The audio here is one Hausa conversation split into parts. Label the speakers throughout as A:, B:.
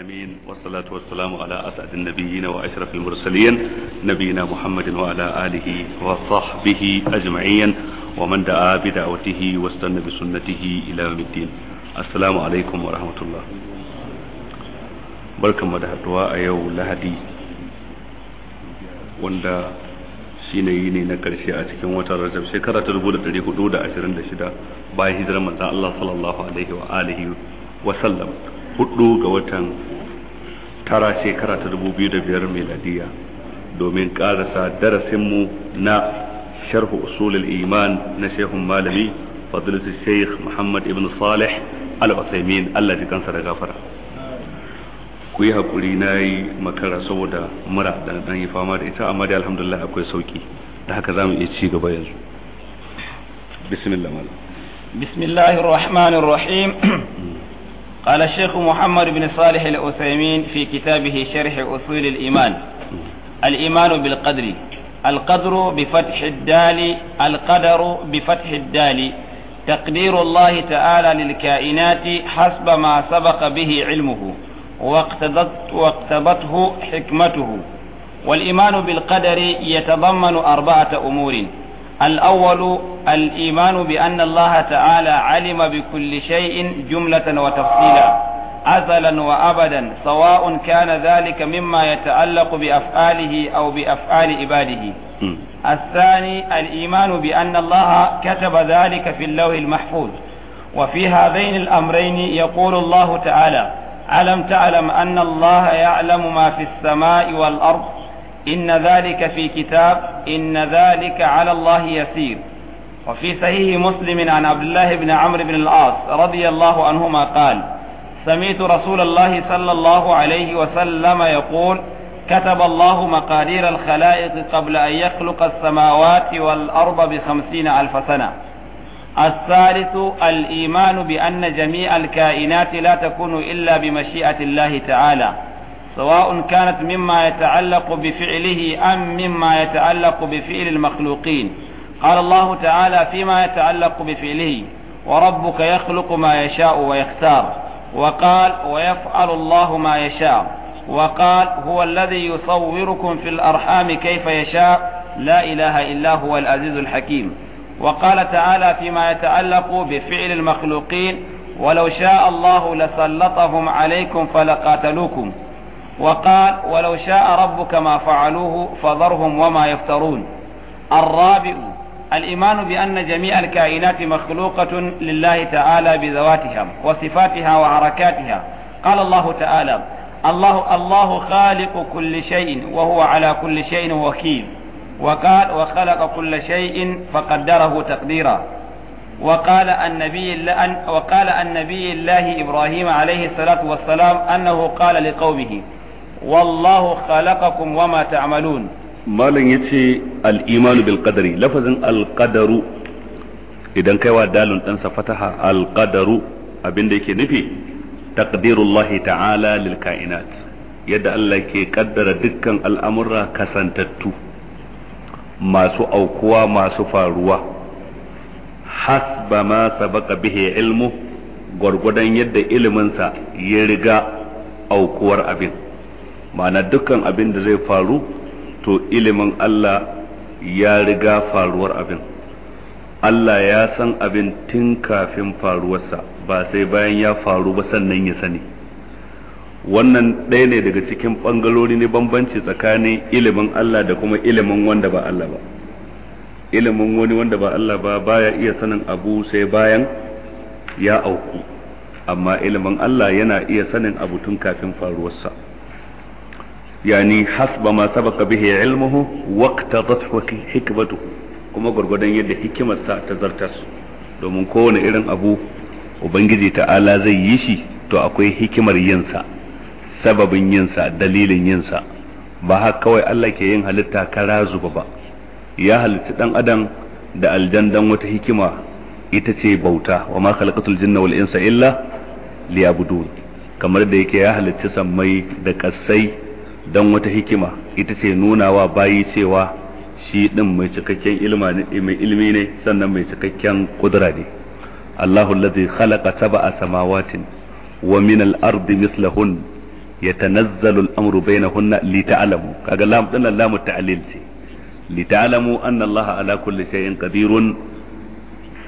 A: العالمين والصلاة والسلام على أسعد النبيين وأشرف المرسلين نبينا محمد وعلى آله وصحبه أجمعين ومن دعا بدعوته واستنى بسنته إلى يوم الدين السلام عليكم ورحمة الله barkan mu da haduwa a yau lahadi wanda shine yini na karshe a cikin watan rajab shekara ta 1426 bayan hijirar manzon Allah sallallahu alaihi wa alihi wa sallam hudu ga watan tara shekara ta dubu biyu da biyar meladiya domin karasa darasinmu na sharhu usulul iman na shehun malami fadilatu sheikh muhammad ibn salih al-usaimin allah ji kansa da gafara ku yi haƙuri na yi makara saboda mura da na yi fama da ita amma da alhamdulillah akwai sauki da haka za mu iya ci gaba yanzu bismillah malam
B: bismillahir rahmanir rahim قال الشيخ محمد بن صالح الأثيمين في كتابه شرح أصول الإيمان الإيمان بالقدر القدر بفتح الدال القدر بفتح الدال تقدير الله تعالى للكائنات حسب ما سبق به علمه واقتضت واقتضته حكمته والإيمان بالقدر يتضمن أربعة أمور الأول الإيمان بأن الله تعالى علم بكل شيء جملة وتفصيلا أزلا وأبدا سواء كان ذلك مما يتعلق بأفعاله أو بأفعال عباده الثاني الإيمان بأن الله كتب ذلك في اللوح المحفوظ وفي هذين الأمرين يقول الله تعالى ألم تعلم أن الله يعلم ما في السماء والأرض إن ذلك في كتاب إن ذلك على الله يسير وفي صحيح مسلم عن عبد الله بن عمرو بن العاص رضي الله عنهما قال سمعت رسول الله صلى الله عليه وسلم يقول كتب الله مقادير الخلائق قبل أن يخلق السماوات والأرض بخمسين ألف سنة الثالث الإيمان بأن جميع الكائنات لا تكون إلا بمشيئة الله تعالى سواء كانت مما يتعلق بفعله أم مما يتعلق بفعل المخلوقين قال الله تعالى فيما يتعلق بفعله وربك يخلق ما يشاء ويختار وقال ويفعل الله ما يشاء وقال هو الذي يصوركم في الأرحام كيف يشاء لا إله إلا هو العزيز الحكيم وقال تعالى فيما يتعلق بفعل المخلوقين ولو شاء الله لسلطهم عليكم فلقاتلوكم وقال ولو شاء ربك ما فعلوه فذرهم وما يفترون الرابع الإيمان بأن جميع الكائنات مخلوقة لله تعالى بذواتها وصفاتها وحركاتها قال الله تعالى الله الله خالق كل شيء وهو على كل شيء وكيل وقال وخلق كل شيء فقدره تقديرا وقال النبي وقال النبي الله إبراهيم عليه الصلاة والسلام أنه قال لقومه wallahu khalaqakum wama ta'malun
A: malam yace al-imanu bil qadari lafazin al idan kai dalun dan ɗansa fataha al abinda yake nufi taqdirullahi ta'ala lil kainat yadda Allah ke kaddara dukkan al'amura kasantattu masu aukuwa masu faruwa hasba ma sabaka bihi ilmu gwargwadon yadda iliminsa ya riga aukuwar abin ma'ana dukkan abin da zai faru to ilimin Allah ya riga faruwar abin Allah ya san abin tun kafin faruwarsa ba sai bayan ya faru ba sannan ya sani wannan ɗaya ne daga cikin ɓangarori ne bambanci tsakanin ilimin Allah da kuma ilimin wanda ba Allah ba ilimin wani wanda ba Allah ba baya iya sanin abu sai bayan ya auku amma ilimin Allah yana iya sanin abu tun kafin faruwarsa yani hasba ma sabaka bihi ilmuhu waqtadathu hikmatu kuma gurgurdan yadda hikimarsa ta zartas domin kowane irin abu ubangiji ala zai yi shi to akwai hikimar yinsa sababin yinsa dalilin yinsa ba haka kawai Allah ke yin halitta kara zuba ba ya halitta dan adam da aljan wata hikima ita ce bauta wa ma khalaqatul jinna wal insa illa liyabudun kamar da yake ya halitta sammai da kassai don wata hikima ita ce nuna wa bayi cewa shi din mai cikakken ilimi ne sannan mai cikakken kudura ne Allahu allazi khalaqa sab'a samawatin wa min al-ardi mislahun yatanazzalu al-amru bainahunna li ta'lamu kaga lam din lamu ta'lil ce li ta'lamu anna Allah ala kulli shay'in qadirun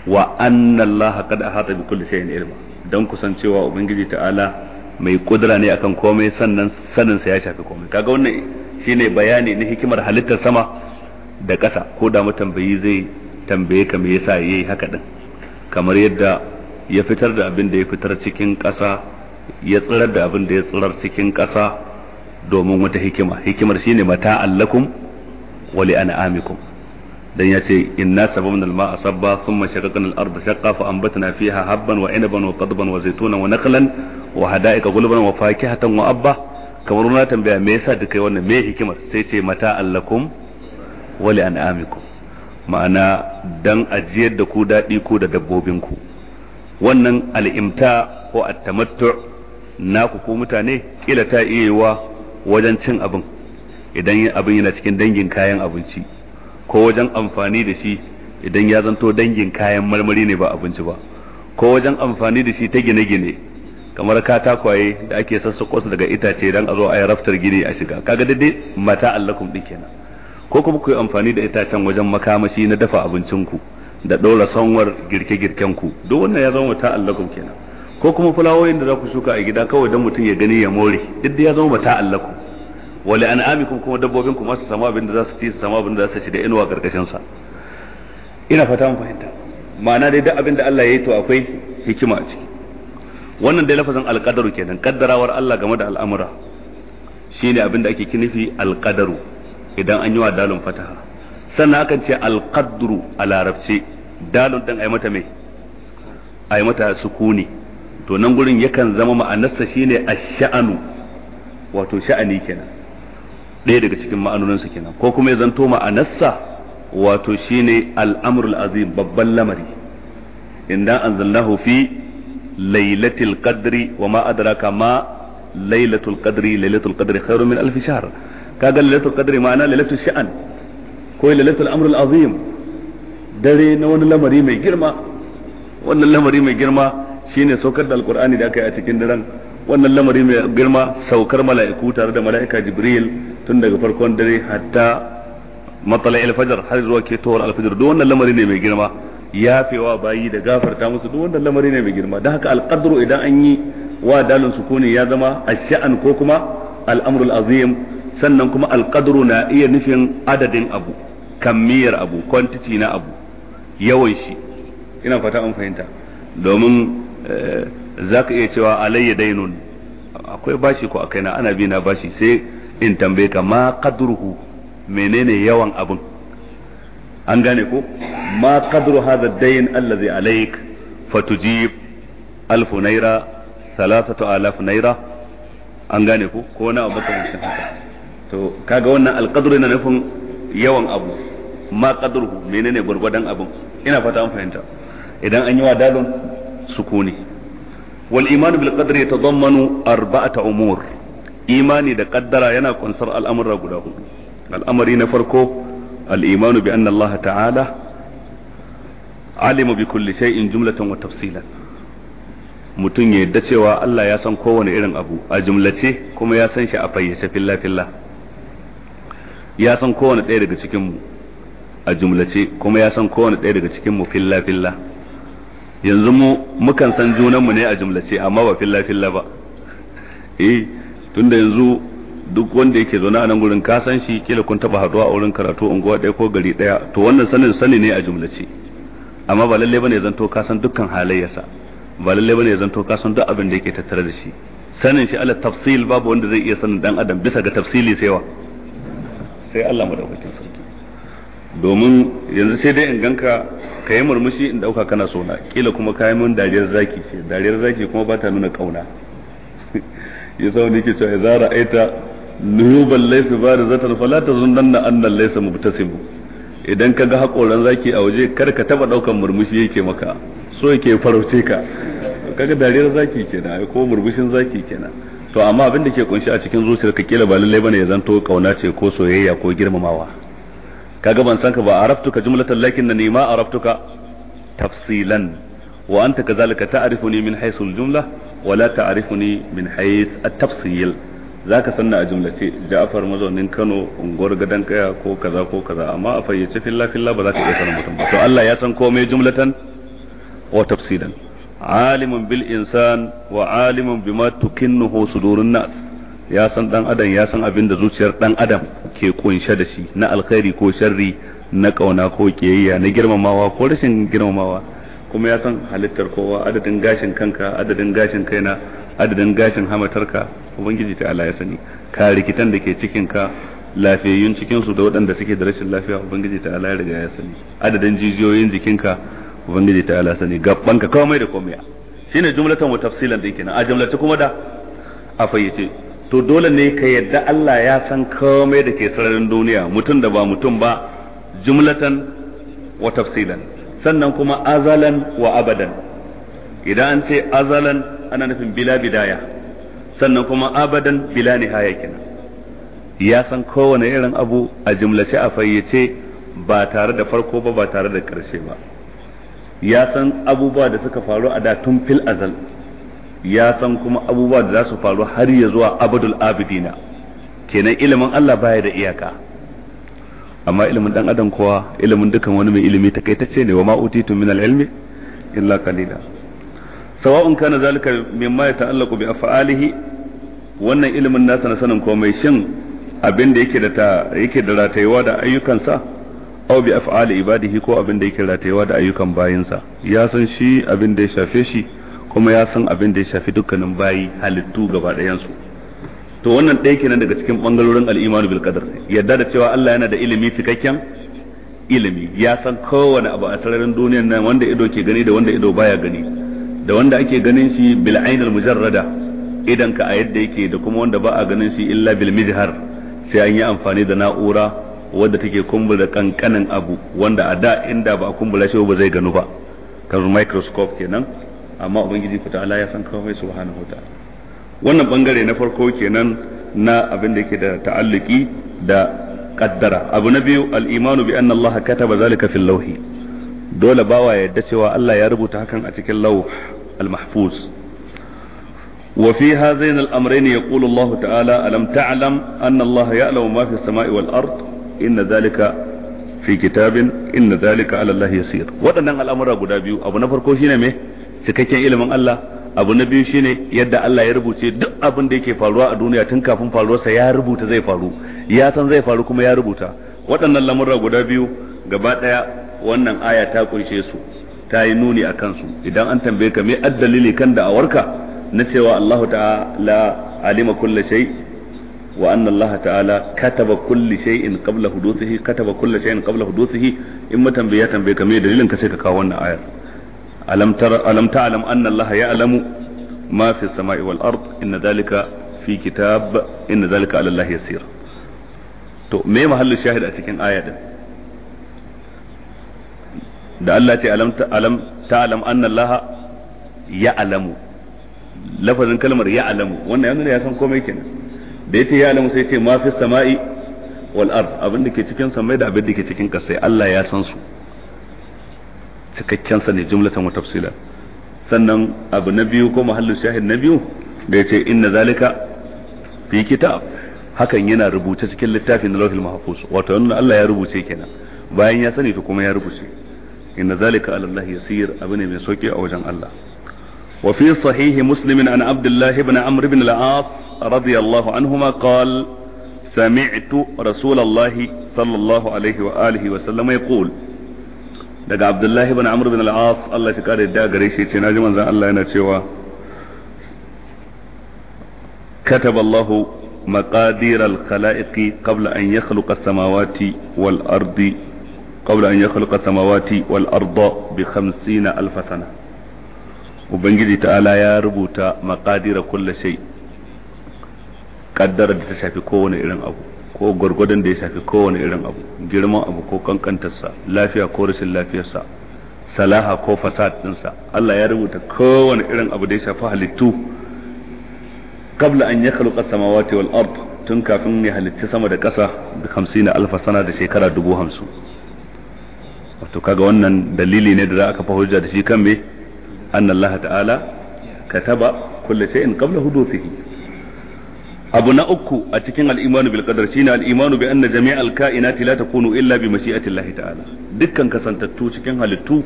A: wa anna Allah qad ahata bi kulli shay'in ilma dan kusancewa ubangiji ta'ala mai kudura ne akan komai sannan sanin sa ya shafi komai kaga wannan shine bayani na hikimar halittar sama da ƙasa ko da matambayi zai tambaye ka me yasa yayi haka din kamar yadda ya fitar da abin da ya fitar cikin ƙasa ya tsirar da abin da ya tsirar cikin ƙasa domin wata hikima hikimar shine mata allakum wa li an'amikum dan ya ce inna sababna alma asabba sabba thumma shaqaqna al-ardha shaqqa fa anbatna fiha habban wa inaban wa qadban wa zaytunan wa naqlan wa hada'ika gulban wa fakihatan wa abba kamar na tambaya me yasa duka wannan me hikimar sai ce mata allakum wa li an'amikum ma'ana dan ajiyar da ku dadi ku da dabbobin ku wannan al'imta ko at-tamattu naku ko mutane kila ta iya wajen cin abin idan abin yana cikin dangin kayan abinci ko wajen amfani da shi idan ya zanto dangin kayan marmari ne ba abinci ba ko wajen amfani da shi ta gine-gine kamar katakwaye da ake sassaƙo su daga itace dan a zo a yi raftar gini a shiga kaga daidai mata allakum din kenan ko kuma ku yi amfani da itacen wajen makamashi na dafa abincinku da ɗora sanwar girke girken ku duk wannan ya zama mata allakum kenan ko kuma fulawoyin da za ku shuka a gida kawai don mutum ya gani ya more duk ya zama mata allakum Wali an amikum kuma dabbobin ku masu samu abin da za su ci sama samu abin da za su ci da inuwa karkashin sa ina fata mun fahimta ma'ana dai duk abin da Allah ya yi to akwai hikima a ciki wannan dai lafazin alqadaru kenan kaddarawar Allah game da al'amura shine abin da ake kinifi alqadaru idan an yi wa dalun fataha sannan akan ce alqadru a larabci dalun dan ai mata mai ai mata sukuni to nan gurin yakan zama ma'anarsa shine ash-sha'anu wato sha'ani kenan ɗaya daga cikin ma'anoninsa kenan ko kuma ya zanto ma'anarsa wato shine al'amur azim babban lamari inda an zalla fi lailatul qadri wa ma adraka ma lailatul qadri lailatul qadri khairun min alf shahr kaga lailatul qadri ma'ana lailatul sha'an ko lailatul amrul azim dare na wani lamari mai girma wannan lamari mai girma shine saukar da alqur'ani da aka yi a cikin daren wannan lamari mai girma saukar mala'iku tare da mala'ika jibril tun daga farkon dare hatta matsala alfajar har zuwa ke tawar alfajar duk wannan lamari ne mai girma yafewa bayi da gafarta musu duk wannan lamari ne mai girma don haka alkadru idan an yi wa dalin sukuni ya zama a sha'an ko kuma al'amrul azim sannan kuma alkadru na iya nufin adadin abu kammiyar abu kwantici na abu yawan shi ina fata an fahimta domin eh, zaka iya cewa alayya dainun akwai bashi ko akai na ana bi na bashi sai in tambaye ka ma qadruhu menene yawan abin an gane ko ma qadru hadha ad-dayn allazi alayk fatujib alf naira thalathatu alaf naira an gane ko ko na abu kamar haka to kaga wannan alqadru yana nufin yawan abu ma qadruhu menene gurgurdan abin ina fata an fahimta idan an yi wa dalon sukuni wal iman bil qadri yatadammanu arba'ata umur imani da qaddara yana kunsar al'amura guda hudu al'amari na farko al imanu bi anna Allah ta'ala alima bi kulli shay'in jumlatan wa tafsilan mutum ya yadda cewa Allah ya san kowane irin abu a jumlace kuma ya san shi a fayyace filla filla ya san kowane ɗaya daga cikin mu a jumlace kuma ya san kowane ɗaya daga cikin mu filla filla yanzu mu mukan san junanmu ne a jumlace amma ba filla filla ba eh tunda yanzu duk wanda yake zaune a nan gurin ka san shi kila kun taba haduwa a wurin karatu unguwa ɗaya ko gari ɗaya to wannan sanin sani ne a jumlace amma ba lalle bane zanto ka san dukkan halayyarsa ba lalle bane zanto ka san duk abin da yake tattare da shi sanin shi ala tafsil babu wanda zai iya sanin dan adam bisa ga tafsili sai wa sai Allah madaukakin sarki domin yanzu sai dai in ganka ka yi murmushi in dauka kana sona kila kuma yi min dariyar zaki ce dariyar zaki kuma ba ta nuna kauna ya sa wani ke cewa idza ra'aita nuyuban laysa barizatan fala tazunna anna laysa mubtasimu idan ka ga hakoran zaki a waje kar ka taba daukan murmushi yake maka so yake farauce ka kaga dariyar zaki kenan ko murmushin zaki kenan to amma abin da ke kunshi a cikin zuciyarka kila ba lallai bane ya zanto kauna ce ko soyayya ko girmamawa kaga ban san ka ba araftuka jumlatan lakin na nima araftuka tafsilan wa anta kazalika ta'rifuni min haythu al-jumla wa la ta'rifuni min hayth at-tafsil zaka sanna a jumlace Ja'far mazaunin Kano unguwar gadan kaya ko kaza ko kaza amma a fayyace filla filla ba za ka iya sanin mutum ba to Allah ya san komai jumlatan wa tafsilan alimun bil insan wa aliman bima tukinnuhu sudurun nas ya san dan adam ya san abin da zuciyar dan adam ke kunshe da shi na alkhairi ko sharri na kauna ko kiyayya na girmamawa ko rashin girmamawa kuma ya san halittar kowa adadin gashin kanka adadin gashin kaina adadin gashin hamatarka ubangiji ta Allah ya sani ka rikitan da ke cikin ka lafiyayyun cikin su da waɗanda suke da rashin lafiya ubangiji ta Allah ya riga ya sani adadin jijiyoyin jikinka ubangiji ta Allah sani gabban ka komai da komai shine jumlatan wa tafsilan yake nan a jumlata kuma da a fayyace to dole ne ka yadda Allah ya san komai da ke sararin duniya mutum da ba mutum ba jumlatan wa tafsilan sannan kuma azalan wa abadan idan an ce azalan ana nufin bila bidaya sannan kuma abadan bila nihaya kenan ya san kowane irin abu a jumlace a fayyace ba tare da farko ba ba tare da ƙarshe ba ya san abubuwa da suka faru a da tun fil azal ya san kuma abubuwa da za su faru har ya zuwa abadul abidina kenan ilimin Allah baya da iyaka amma ilimin dan adam kowa ilimin dukan wani mai ilimi takaitacce ne wa ma utitu min al-ilmi illa qalila sawa'un kana zalika mimma yata'allaqu bi af'alihi wannan ilimin nasa na sanin komai shin abin da yake da ta yake da ratayewa da ayyukansa aw bi af'ali ibadihi ko abin da yake ratayewa da ayyukan bayinsa ya san shi abin da ya shafe shi kuma ya san abin da ya shafi dukkanin bayi halittu gaba ɗayansu to wannan ɗaya kenan daga cikin bangarorin al'imanu bil qadar yadda da cewa Allah yana da ilimi cikakken ilimi ya san kowane abu a sararin duniyar nan wanda ido ke gani da wanda ido baya gani da wanda ake ganin shi bil ainil mujarrada idan ka a yadda yake da kuma wanda ba a ganin shi illa bil mijhar sai an yi amfani da na'ura wadda take kumbura kankanin abu wanda a da inda ba a kumbula shi ba zai gano ba kamar microscope kenan amma ubangiji ku ta'ala ya san komai subhanahu wataala wannan bangare na farko kenan na abin da yake da ta'alluki da kaddara abu na biyu al-imanu bi anna Allah kataba zalika fil lawhi dole bawa yadda cewa Allah ya rubuta hakan a cikin lawh al-mahfuz wa fi hadhain al-amrayn yaqulu Allah ta'ala alam ta'lam anna Allah ya'lamu ma fi as-sama'i wal-ard inna zalika fi kitabin inna zalika ala Allah yasir waɗannan al'amura guda biyu abu na farko shine me cikakken ilimin Allah abu na biyu shine yadda Allah ya rubuce duk abin da yake faruwa a duniya tun kafin faruwarsa ya rubuta zai faru ya san zai faru kuma ya rubuta waɗannan lamurra guda biyu gaba ɗaya wannan aya ta kunshe su ta yi nuni a kansu idan an tambaye ka me addalili kan da'awarka na cewa Allah ta'ala alima kulli shay wa anna Allah ta'ala kataba kulli shay'in qabla huduthihi kataba kulli shay'in qabla huduthihi in matambiya tambaye ka me dalilin ka sai ka kawo wannan ayar alam tara alam ma fi samai wal ard inna fi kitab inna dhalika ala Allah yasir to me mahallu shahid a cikin aya da Allah ce alam ta'lam ya'lamu lafazin kalmar ya'lamu wannan ya san komai kenan da yace ya'lamu sai ce ma fi samai wal abin da ke cikin samai da abin da ke cikin Allah ya san su cikakken sa ne jumlatan wa tafsila sannan abu na biyu ko mahallin shahid na biyu da ya ce inna zalika fi kitab hakan yana rubuce cikin littafin na lauhil mahfuz wato wannan Allah ya rubuce kenan bayan ya sani to kuma ya rubuce inna zalika ala Allah yasir abu ne mai sauki a wajen Allah wa fi sahih muslim an abdullah ibn amr ibn al-as radiyallahu anhuma qala سمعت رسول الله صلى الله عليه وآله وسلم يقول daga abdullahi bin amr bin al-as Allah shi kare da gare shi ce naji manzon Allah yana cewa كتب الله مقادير الخلائق قبل أن يخلق السماوات والأرض قبل أن يخلق السماوات والأرض بخمسين ألف سنة Ubangiji ta'ala ya rubuta maƙadira kulle shai, ƙaddara da ta shafi kowane irin abu. ko gwargwadon da ya shafi kowane irin abu girman abu ko kankantarsa lafiya ko rashin lafiyarsa salaha ko fasad dinsa Allah ya rubuta kowane irin abu da ya shafi halittu qabla an yakhluqa samawati wal ard tun kafin ya halitta sama da ƙasa da 50 alfa sana da shekara hamsin wato kaga wannan dalili ne da za aka fa hujja da shi kan me anna ta'ala kataba kullu shay'in qabla hudusihi abu na uku a cikin al'imanu bil qadar shine al'imanu bi anna jami'al ka'inati la takunu illa bi mashi'atillahi ta'ala dukkan kasantattu cikin halittu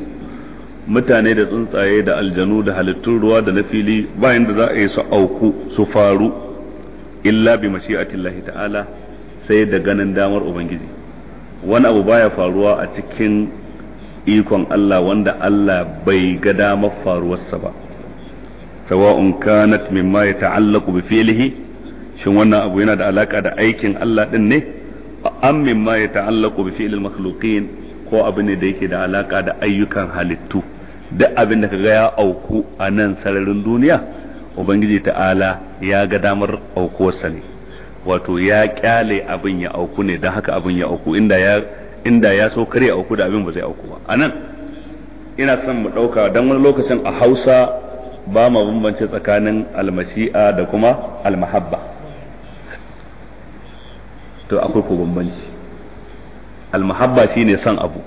A: mutane da tsuntsaye da aljanu da halittun ruwa da na fili bayan da za a yi su auku su faru illa bi mashi'atillahi ta'ala sai da ganin damar ubangiji wani abu baya faruwa a cikin ikon Allah wanda Allah bai ga damar faruwarsa ba sawa'un kanat mimma yata'allaqu bi fi'lihi shin wannan abu yana da alaka da aikin Allah din ne am mimma yata'allaqu bi fi'lil makhluqin ko abu ne da yake da alaka da ayyukan halittu duk abin da kaga ya auku a nan sararin duniya ubangiji ta'ala ya ga damar aukuwarsa ne wato ya kyale abin ya auku ne don haka abin ya auku inda ya inda ya so kare auku da abin ba zai auku ba anan ina son mu dauka dan wani lokacin a Hausa ba ma bambance tsakanin almasi'a da kuma almahabba to akwai ko bambanci almahabba shine son abu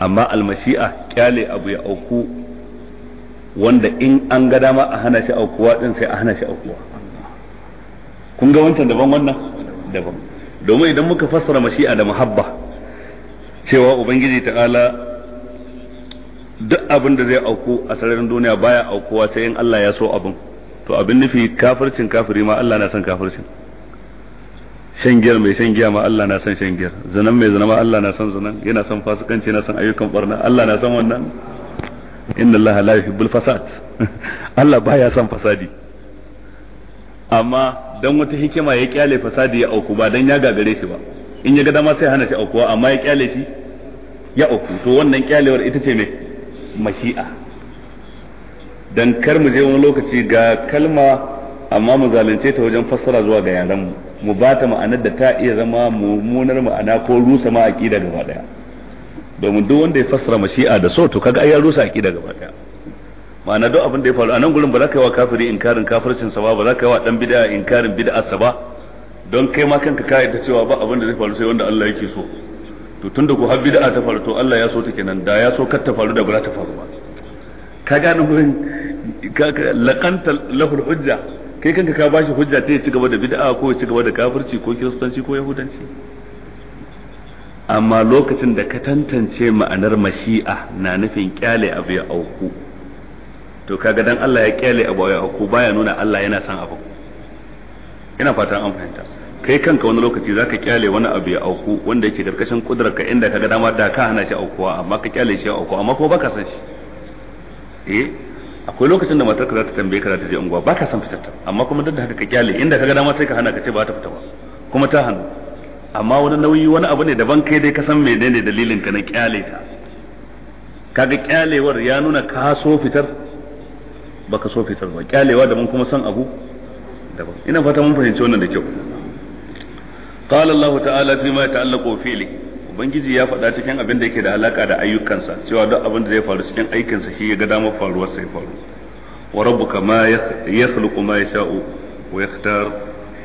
A: amma almashi'a kyale abu ya auku wanda in an ga dama a hana shi aukuwa din sai a hana shi aukuwa kun ga wancan daban wannan daban domin idan muka fassara mashi'a da muhabba, cewa ubangiji ta'ala duk abin da zai auku a sararin duniya baya aukuwa sai in Allah ya so abin to abin nufi kafircin kafiri ma Allah na son kafircin shan giyar mai shan giya ma Allah na san shan giyar zanen mai zanen ma Allah na san zanen yana san fasikanci yana san ayyukan barna Allah na san wannan inna Allah la yuhibbul fasad Allah baya san fasadi amma dan wata hikima ya kyale fasadi ya auku ba dan ya gagare shi ba in ya ga dama sai hana shi aukuwa amma ya kyale shi ya auku to wannan kyalewar ita ce mai mashi'a dan kar mu je wani lokaci ga kalma amma mu zalunce ta wajen fassara zuwa ga yaran mu mu ba ta ma'anar da ta iya zama mummunar ma'ana ko rusa ma aqida gaba daya domin duk wanda ya fassara mashi'a da so to kaga ai ya rusa aqida gaba daya ma'ana duk abin da ya faru a nan gurin ba za ka yi wa kafiri inkarin kafircin sa ba ba za ka yi wa dan bid'a inkarin bid'ar sa ba don kai ma kanka ka ta cewa ba abin da zai faru sai wanda Allah yake so to tunda ku har bid'a ta faru to Allah ya so ta kenan da ya so kar ta faru da ba ta faru ba ka gane gurin laqanta lahul hujja kai kanka ka bashi hujja ta ya ci gaba da bid'a ko ya ci gaba da kafirci ko kiristanci ko yahudanci amma lokacin da ka tantance ma'anar mashi'a na nufin kyale abu ya auku to kaga dan Allah ya kyale abu ya auku baya nuna Allah yana son abu ina fatan an fahimta kai kanka wani lokaci zaka kyale wani abu ya auku wanda yake karkashin kudurarka inda kaga dama da ka hana shi aukuwa amma ka kyale shi aukuwa amma kuma baka san shi eh akwai lokacin da matarka za ta tambaye ka za ta je unguwa ba ka san fitarta amma kuma duk da haka ka kyale inda ka ga dama sai ka hana ka ce ba ta fita ba kuma ta hannu amma wani nauyi wani abu ne daban kai dai ka san menene dalilin ka na kyale ta kaga kyalewar ya nuna ka so fitar baka so fitar ba kyalewa daban kuma san abu daban ina fata mun fahimci wannan da kyau qala allah ta'ala fi ma ta'allaqu fi'li ubangiji ya faɗa cikin abin da yake da alaka da ayyukansa cewa duk abin da zai faru cikin aikinsa shi ya ga damar faruwar sai faru wa rabbuka ma yakhluqu ma yasha'u wa yakhtar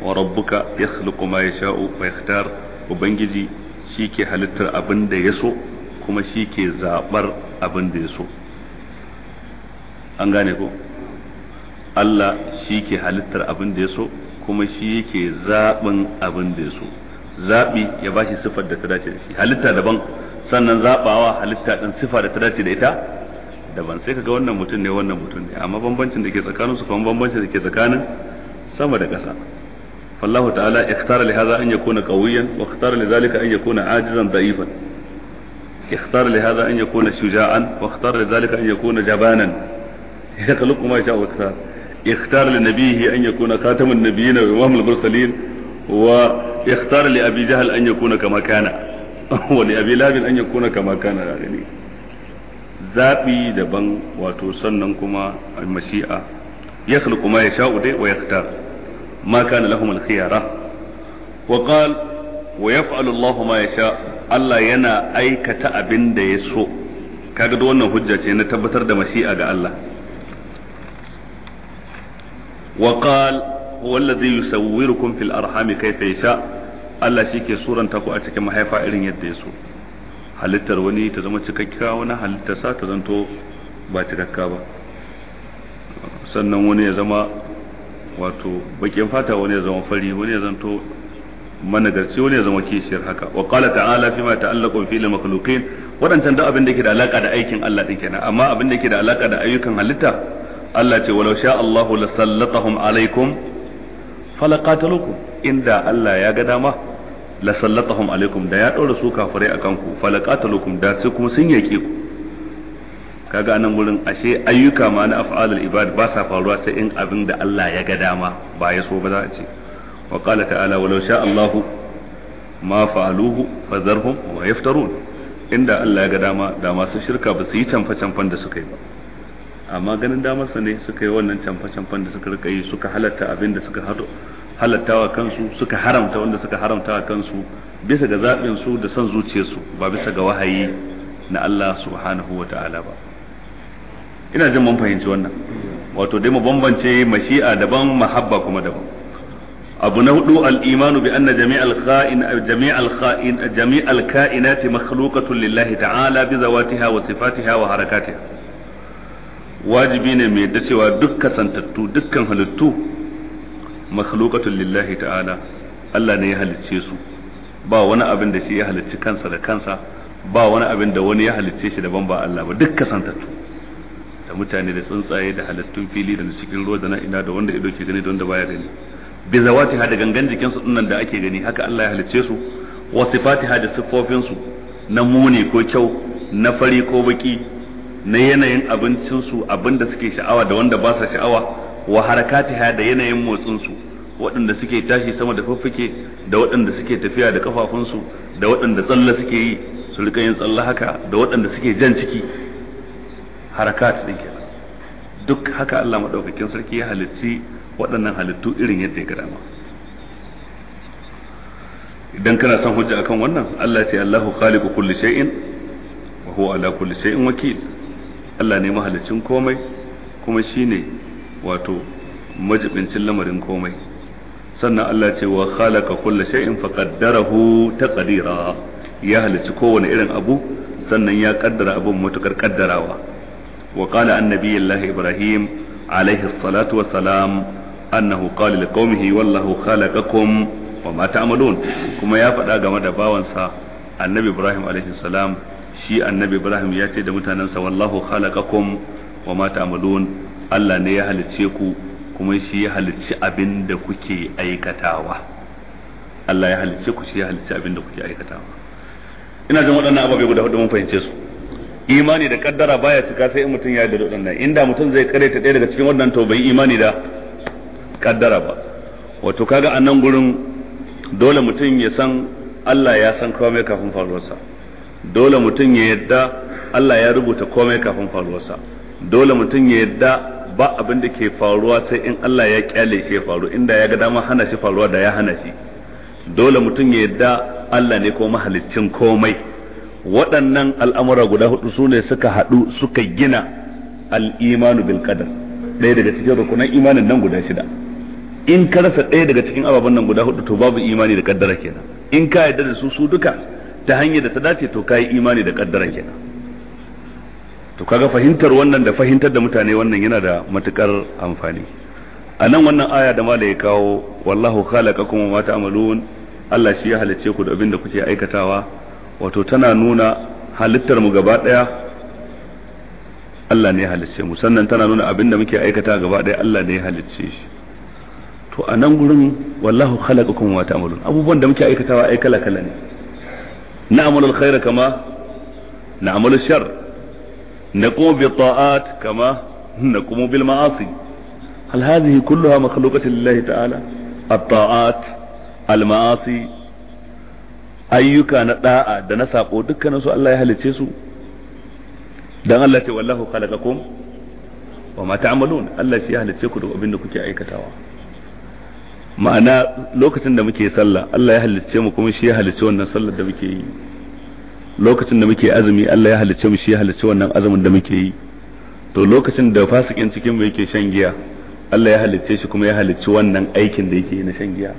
A: wa rabbuka yakhluqu ma yasha'u wa yakhtar ubangiji shi ke halittar abin da ya kuma shi ke zabar abin da ya an gane ko Allah shi ke halittar abin da ya so kuma shi yake zaɓin abin da ya so zabi ya ba shi sifar da ta dace da shi halitta daban sannan zabawa halitta din sifa da ta dace da ita daban sai kaga wannan mutum ne wannan mutum ne amma bambancin da ke tsakanin su kuma bambancin da ke tsakanin sama da ƙasa ikhtara li zalika an yakuna ajizan da'ifan ikhtara li أن an yakuna shuja'an wa ikhtara li zalika an yakuna jabanan ya يكون ma يخلق ikhtara ikhtara li nabiyhi an yakuna khatamun nabiyina wa imamul mursalin wa ikhtara li abi jahal an yakuna kama kana wa li abi labin an yakuna kama gani zabi daban wato sannan kuma mashi'a ya khluqu ma sha dai wa yakhtar ma kana lahum al-khiyara wa qala wa yaf'alu Allahu ma yasha Allah yana aikata abin da ya so kaga da wannan hujja ce na tabbatar da mashi'a ga Allah wa qala huwa allazi yusawwirukum fil arhami kayfa yasha Allah shi ke suranta ku a cikin mahaifa irin yadda ya so halittar wani ta zama cikakka wani halittar sa ta zanto ba cikakka ba sannan wani ya zama wato bakin fata wani ya zama fari wani ya zanto managarci wani ya zama kishiyar haka wa qala ta'ala fi ma ta'allaqu fi al-makhluqin wadancan da abin da yake da alaka da aikin Allah din kenan amma abin da yake da alaka da ayyukan halitta Allah ce walau sha Allahu la sallatahum alaikum falaqatalukum inda Allah ya ga dama la sallatahum alaikum da ya ɗora su kafirai akan ku falaqatalukum da su kuma sun yake ku kaga anan gurin ashe ayyuka ma na af'alul ibad ba sa faruwa sai in abin da Allah ya ga dama ba ya so ba za a ce wa qala ta'ala walau sha Allahu ma fa'aluhu fazarhum wa yaftarun inda Allah ya ga dama da masu shirka ba su yi canfa canfan da suka yi ba amma ganin damarsa ne suka yi wannan canfa-canfan da suka rika yi suka halatta abin da suka halatta wa kansu suka haramta wanda suka haramta wa kansu bisa ga zaɓin su da son zuciyarsu ba bisa ga wahayi na Allah subhanahu wa ta'ala ba ina jin mun fahimci wannan wato dai mu bambance mashi'a daban mahabba kuma daban abu na hudu al-imanu bi anna jami'al kha'in jami'al kha'in jami'al ka'inati makhluqatun lillahi ta'ala bi zawatiha wa sifatiha wa harakatiha wajibi ne mai dacewa duk kasantattu dukkan halittu makhluqatul lillahi ta'ala Allah ne ya halicce su ba wani abin da shi ya halicci kansa da kansa ba wani abin da wani ya halicce shi daban ba Allah ba duk kasantattu da mutane da tsuntsaye da halittun fili da cikin ruwa da na ina da wanda ido ke gani da wanda baya gani bi zawati da gangan jikinsu dinnan da ake gani haka Allah ya halicce su wa sifatiha da su na muni ko kyau na fari ko baki na yanayin abincinsu abinda suke sha'awa da wanda ba sa sha'awa wa harakati haya da yanayin motsinsu waɗanda suke tashi sama da fuffuke da waɗanda suke tafiya da kafafunsu da waɗanda tsalla suke yi su rika yin tsalla haka da waɗanda suke jan ciki harakat din kenan duk haka Allah madaukakin sarki ya halitti waɗannan halittu irin yadda ya ga dama idan kana son hujja akan wannan Allah ya ce Allahu khaliqu kulli shay'in wa huwa ala kulli shay'in wakil Allah ne mahalicin komai kuma shine wato majibincin lamarin komai sannan Allah ce wa khalaqa kulla shay'in faqaddarahu taqdira ya halici kowane irin abu sannan ya kaddara abun matukar kaddarawa wa qala annabiyullahi ibrahim alaihi salatu wa salam annahu qala liqaumihi wallahu khalaqakum wa ma ta'malun kuma ya faɗa game da bawansa annabi ibrahim alaihi salam shi annabi ibrahim ya ce da mutanensa wallahu khalaqakum wa ma ta'malun Allah ne ya halicce ku kuma shi ya halicci abin da kuke aikatawa Allah ya halicce ku shi ya halicci abin da kuke aikatawa ina jin waɗannan ababe guda hudu mun fahimce su imani da kaddara baya cika sai in mutum ya yarda da waɗannan inda mutum zai ta ɗaya daga cikin waɗannan to bai imani da kaddara ba wato kaga a nan gurin dole mutum ya san Allah ya san komai kafin faruwarsa dole mutum ya yadda Allah ya rubuta komai kafin faruwarsa dole mutum ya yadda ba abin da ke faruwa sai in Allah ya kyale shi ya faru inda ya ga dama hana shi faruwa da ya hana shi dole mutum ya yadda Allah ne ko mahaliccin komai waɗannan al'amura guda hudu su ne suka haɗu suka gina al'imanu bil qadar ɗaya daga cikin rukunan imanin nan guda shida in ka rasa ɗaya daga cikin ababen nan guda hudu to babu imani da kaddara kenan in ka yarda da su su duka ta hanyar da ta dace to kai imani da kaddara kenan to kaga fahimtar wannan da fahimtar da mutane wannan yana da matukar amfani a nan wannan aya da mala ya kawo wallahu khalaqakum wa ta'malun Allah shi ya halicce ku da abin da kuke aikatawa wato tana nuna halittar mu gaba daya Allah ne ya halicce mu sannan tana nuna abin da muke aikata gaba daya Allah ne ya halicce shi to a nan gurin wallahu khalaqakum wa ta'malun abubuwan da muke aikatawa ai kala kala ne نعمل الخير كما نعمل الشر نقوم بالطاعات كما نقوم بالمعاصي هل هذه كلها مخلوقة لله تعالى الطاعات المعاصي ayyuka na da'a da na sako dukkanin Allah ya halice su dan Allah ce wallahu khalaqakum wa ma ta'malun Allah ya ku da abin da kuke aikatawa ma'ana lokacin da muke sallah Allah ya halicce mu kuma shi ya halicce wannan sallar da muke yi lokacin da muke azumi Allah ya halicce mu shi ya halicce wannan azumin da muke yi to lokacin da fasikin cikin mu yake shan giya Allah ya halicce shi kuma ya halicci wannan aikin da yake yi na shan giya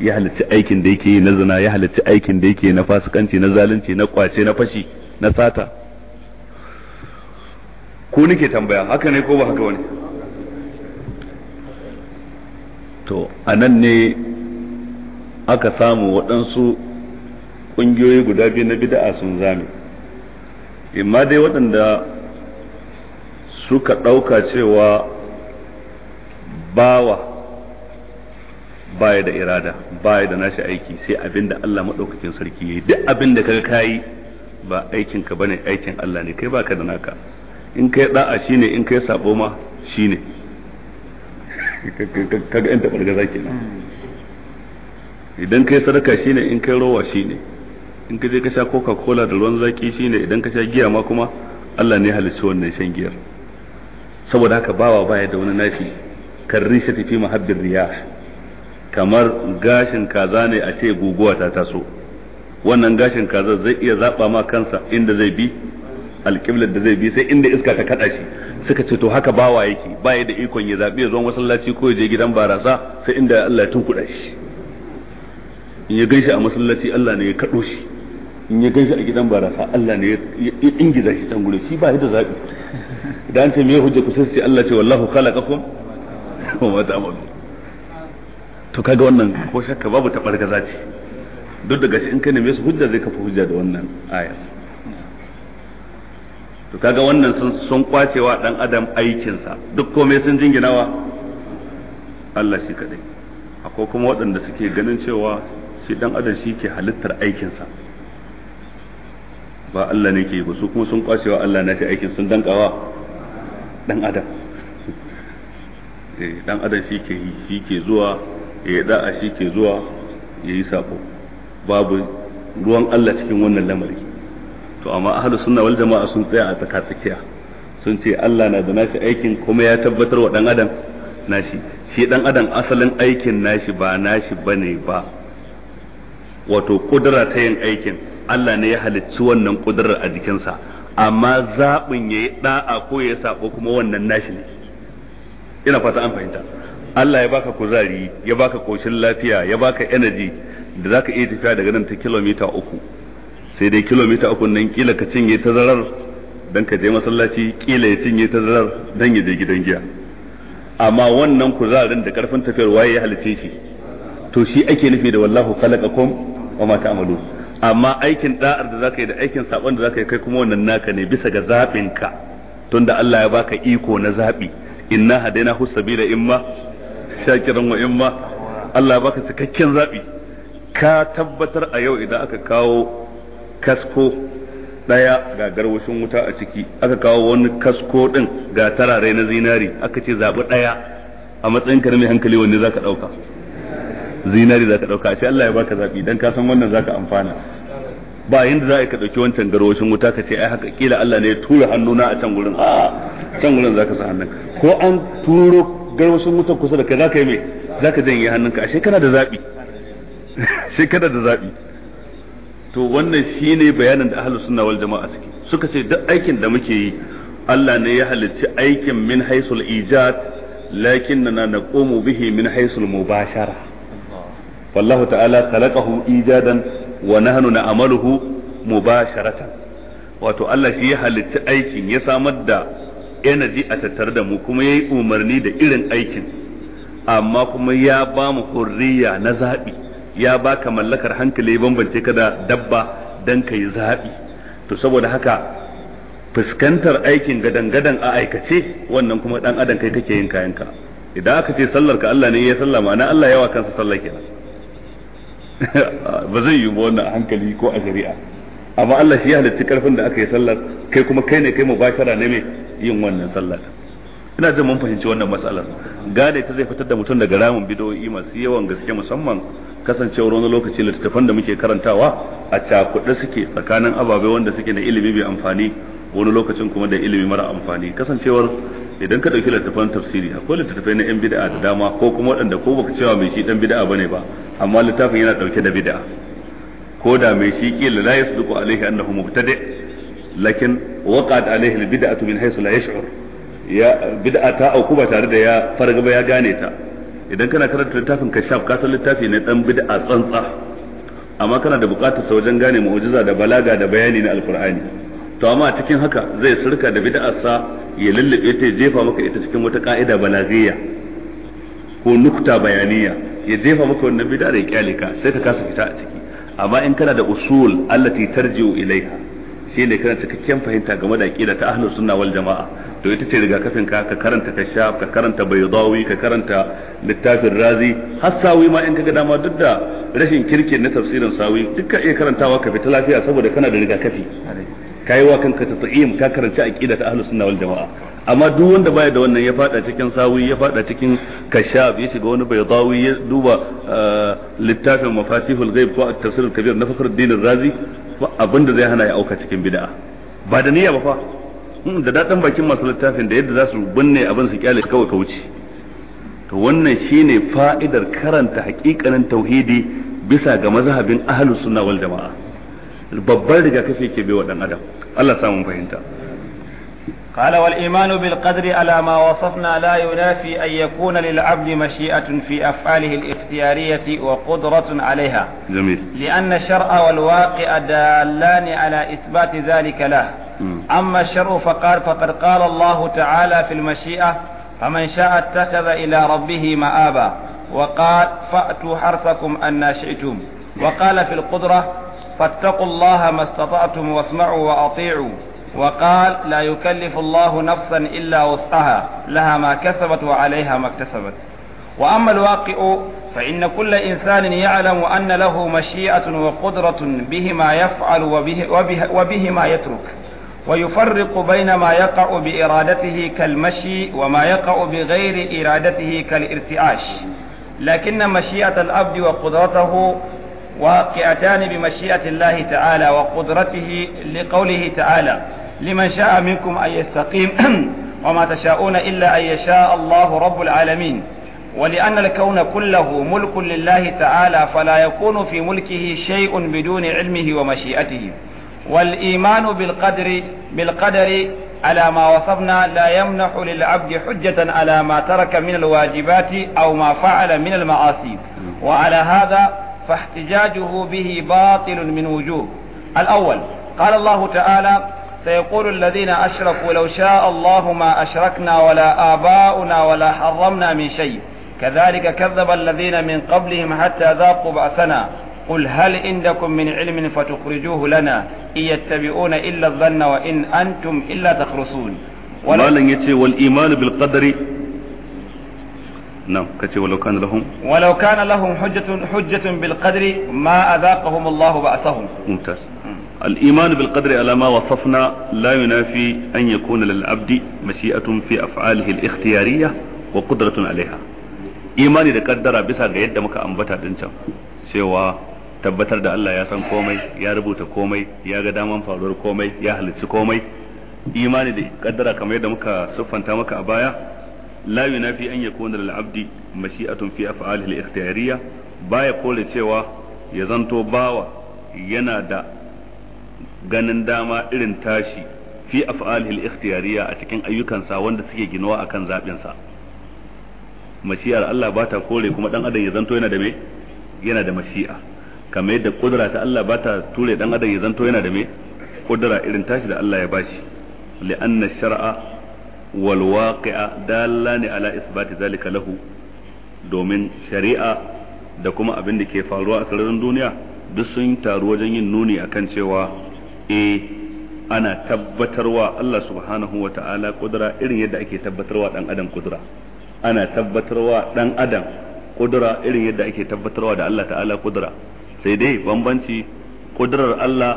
A: ya halicci aikin da yake yi na zina ya halicci aikin da yake yi na fasikanci na zalunci na kwace na fashi na sata ku nake tambaya haka ne ko ba haka wani. to a nan ne aka samu waɗansu ƙungiyoyi guda biyu na bida'a sun zame imma dai waɗanda suka ɗauka cewa bawa baya da irada baya da nashi aiki sai abin da Allah maɗaukakin sarki ya yi duk abin da kaga kayi ba aikinka bane aikin Allah ne kai baka da naka in kai da'a shine in kai sabo ma shine kaga yan ke na idan kai sadaka ne in kai rowa shi ne in ka je ka sha coca cola da ruwan zaki shi ne idan ka sha giya ma kuma Allah ne halicci wannan shan giyar saboda haka bawa baya da wani nafi kan rishe tafi mahabbir riya kamar gashin kaza ne a ce guguwa ta taso wannan gashin kaza zai iya zaɓa ma kansa inda zai bi alƙiblar da zai bi sai inda iska ta kaɗa shi suka ce to haka bawa yake ba da ikon ya zabi ya zo masallaci ko ya je gidan barasa sai inda Allah ya tunkuɗa shi in ya gaishe a masallaci Allah ne ya kaɗo shi in ya gaishe a gidan barasa Allah ne ya ingiza shi can gure shi ba da zaɓe da an ce me hujja ku sai Allah ce wallahu khalaqakum wa ta'malu to kaga wannan ko shakka babu tabargaza ce duk da gashi in kai ne me su hujja zai kafa hujja da wannan ayar to kaga wannan sun sun kwacewa dan adam aikinsa duk komai sun jinginawa Allah shi kadai akwai kuma waɗanda suke ganin cewa shi dan adam shi ke halittar aikinsa ba Allah ne ke ba su kuma sun kwacewa Allah na shi aikin sun dankawa dan adam eh dan adam shi ke shi ke zuwa ya yi da'a shi ke zuwa ya yi sako babu ruwan Allah cikin wannan lamari to amma ahlu sunna wal jama'a sun tsaya a tsaka tsakiya sun ce Allah na da nashi aikin kuma ya tabbatar wa dan adam nashi shi dan adam asalin aikin nashi ba nashi bane ba wato kudura ta yin aikin Allah ne ya halicci wannan kudurar a jikinsa amma zaɓin ya yi ɗa'a ko ya saɓo kuma wannan nashi ne ina fata an fahimta Allah ya baka kuzari ya baka koshin lafiya ya baka energy da zaka iya tafiya daga nan ta kilomita uku sai dai kilomita uku nan kila ka cinye ta zarar dan ka je masallaci kila ya cinye ta zarar dan ya je gidan giya amma wannan kuzarin da karfin tafiyar waye ya halice shi to shi ake nufi da wallahu khalaqakum wa ma ta'malu amma aikin da'ar da zaka yi da aikin sabon da zaka yi kai kuma wannan naka ne bisa ga zabin ka tunda Allah ya baka iko na zabi inna hadaina husabila imma shakiran wa imma Allah ya baka cikakken zabi ka tabbatar a yau idan aka kawo kasko daya ga garwashin wuta a ciki aka kawo wani kasko din ga tarare na zinari aka ce zaɓi daya a matsayin ka mai hankali wanne zaka dauka zinari zaka dauka a ce Allah ya baka zabi dan ka san wannan zaka amfana ba yanda za ka dauki wancan garwashin wuta ka ce ai haka kila Allah ne ya tura hannuna a can gurin a can gurin zaka sa hannunka ko an turo garwashin wuta kusa da kai zaka yi me zaka janye hannunka ashe kana da zabi shekara da zaɓi to wannan shine bayanin da ahlus sunna wal jama'a suke suka ce duk aikin da muke yi Allah ne ya halicci aikin min haisul ijad lakinnana naqumu bihi min haisul mubashara wallahu ta'ala khalaqahu ijadan wa nahnu na'maluhu mubasharatan wato Allah shi ya halicci aikin ya samar da energy a tattare da mu kuma yayi umarni da irin aikin amma kuma ya ba mu hurriya na zabi ya baka mallakar hankali bambance ka da dabba dan kai zaɓi to saboda haka fuskantar aikin gadan-gadan a aikace wannan kuma dan adam kai kake yin kayanka idan aka ce sallar ka Allah ne ya sallah ma'ana Allah yawa kansa sallar kenan ba zai yi ba wannan a hankali ko a shari'a amma Allah shi ya halicci karfin da aka yi sallar kai kuma kai ne kai mubashara ne mai yin wannan sallar ina jin mun fahimci wannan matsalar gane ta zai fitar da mutum daga ramin bidoyi masu yawan gaske musamman kasancewar wani lokaci littattafan da muke karantawa a cakuɗe suke tsakanin ababe wanda suke da ilimi mai amfani wani lokacin kuma da ilimi mara amfani kasancewar idan ka ɗauki littattafan tafsiri akwai littattafai na 'yan bida'a da dama ko kuma waɗanda ko baka cewa mai shi ɗan ba bane ba amma littafin yana ɗauke da bida'a ko da mai shi kila la yasduqu alaihi annahu mubtadi lakin waqa'at alaihi albid'atu min haythu la yash'ur ya bid'a ta auku ba tare da ya fargaba ya gane ta idan kana karanta littafin kashaf ka san littafi ne dan bid'a tsantsa amma kana da buƙatar sa wajen gane mu'jiza da balaga da bayani na alqur'ani to amma cikin haka zai surka da bid'ar sa ya lullube ta jefa maka ita cikin wata ka'ida balagiyya ko nukta bayaniya ya jefa maka wannan bid'ar ya kyale sai ka kasa fita a ciki amma in kana da usul allati tarji'u ilaiha ne kana cikakken fahimta game da aƙida ta ahlus sunna wal jamaa to ita ce rigakafin ka ka karanta kashaf ka karanta baydawi ka karanta littafin razi har sawi ma in kaga dama duk da rashin kirki na tafsirin sawi duka iya karantawa ka fita lafiya saboda kana da rigakafi kai wa kanka tata'im ka karanta aƙida ta ahlus sunna wal jamaa amma duk wanda baya da wannan ya fada cikin sawi ya fada cikin kashaf ya shiga wani baydawi ya duba eh, littafin mafatihul ghaib ko at-tafsir kabir na fakhruddin razi abin da zai hana ya auka cikin bid'a ba da niyya ba fa hmm, da dadan bakin masu littafin da yadda za su binne abin su kyale kawai ka wuce to wannan shine fa'idar karanta hakikanin tauhidi bisa ga mazhabin ahlus sunna wal jama'a babbar rigakafi ke bai wa dan adam Allah samun fahimta
B: قال والإيمان بالقدر على ما وصفنا لا ينافي أن يكون للعبد مشيئة في أفعاله الاختيارية وقدرة عليها جميل لأن الشرع والواقع دالان على إثبات ذلك له أما الشرع فقال فقد قال الله تعالى في المشيئة فمن شاء اتخذ إلى ربه مآبا وقال فأتوا حرثكم أن شئتم وقال في القدرة فاتقوا الله ما استطعتم واسمعوا وأطيعوا وقال لا يكلف الله نفسا إلا وسعها لها ما كسبت وعليها ما اكتسبت وأما الواقع فإن كل إنسان يعلم أن له مشيئة وقدرة بهما يفعل وبه وبه وبهما يترك ويفرق بين ما يقع بإرادته كالمشي وما يقع بغير إرادته كالارتعاش لكن مشيئة الأبد وقدرته واقعتان بمشيئة الله تعالى وقدرته لقوله تعالى لمن شاء منكم أن يستقيم وما تشاءون إلا أن يشاء الله رب العالمين ولأن الكون كله ملك لله تعالى فلا يكون في ملكه شيء بدون علمه ومشيئته والإيمان بالقدر بالقدر على ما وصفنا لا يمنح للعبد حجة على ما ترك من الواجبات أو ما فعل من المعاصي وعلى هذا فاحتجاجه به باطل من وجوه الأول قال الله تعالى سيقول الذين أشركوا لو شاء الله ما أشركنا ولا آباؤنا ولا حرمنا من شيء كذلك كذب الذين من قبلهم حتى ذاقوا بأسنا قل هل عندكم من علم فتخرجوه لنا إن يتبعون إلا الظن وإن أنتم إلا تخرصون malam ya ce wal بالقدر
A: نعم qadari ولو كان لهم
B: ولو كان لهم حجة حجة بالقدر ما أذاقهم الله بأسهم
A: ممتاز الإيمان بالقدر على ما وصفنا لا ينافي a يكون للعبد مشيئة في أفعاله الاختيارية وقدرة عليها إيماني da kaddara bisa ga yadda muka ambata din can cewa tabbatar da Allah ya san komai ya rubuta komai ya ga daman faruwar komai ya halicci komai imani da kaddara kamar yadda muka siffanta maka a baya la yunafi an yakuna lil abdi mashi'atun fi af'alihi al-ikhtiyariyya baya kore cewa ya zanto bawa yana da ganin dama irin tashi fi af'alihil ikhtiyariya a cikin ayyukansa wanda suke ginawa akan zabin sa mashiyar Allah ba ta kore kuma dan adam ya zanto yana da me yana da mashi'a kamar yadda kudura ta Allah ba ta ture dan adam ya zanto yana da me kudura irin tashi da Allah ya bashi li'anna shar'a wal waqi'a dalani ala isbati zalika lahu domin shari'a da kuma abin da ke faruwa a sararin duniya duk sun taru wajen yin nuni akan cewa eh ana tabbatarwa Allah subhanahu wa ta'ala kudura irin yadda ake tabbatarwa dan adam kudura ana tabbatarwa dan adam kudura irin yadda ake tabbatarwa da Allah ta'ala kudura sai dai bambanci kudurar Allah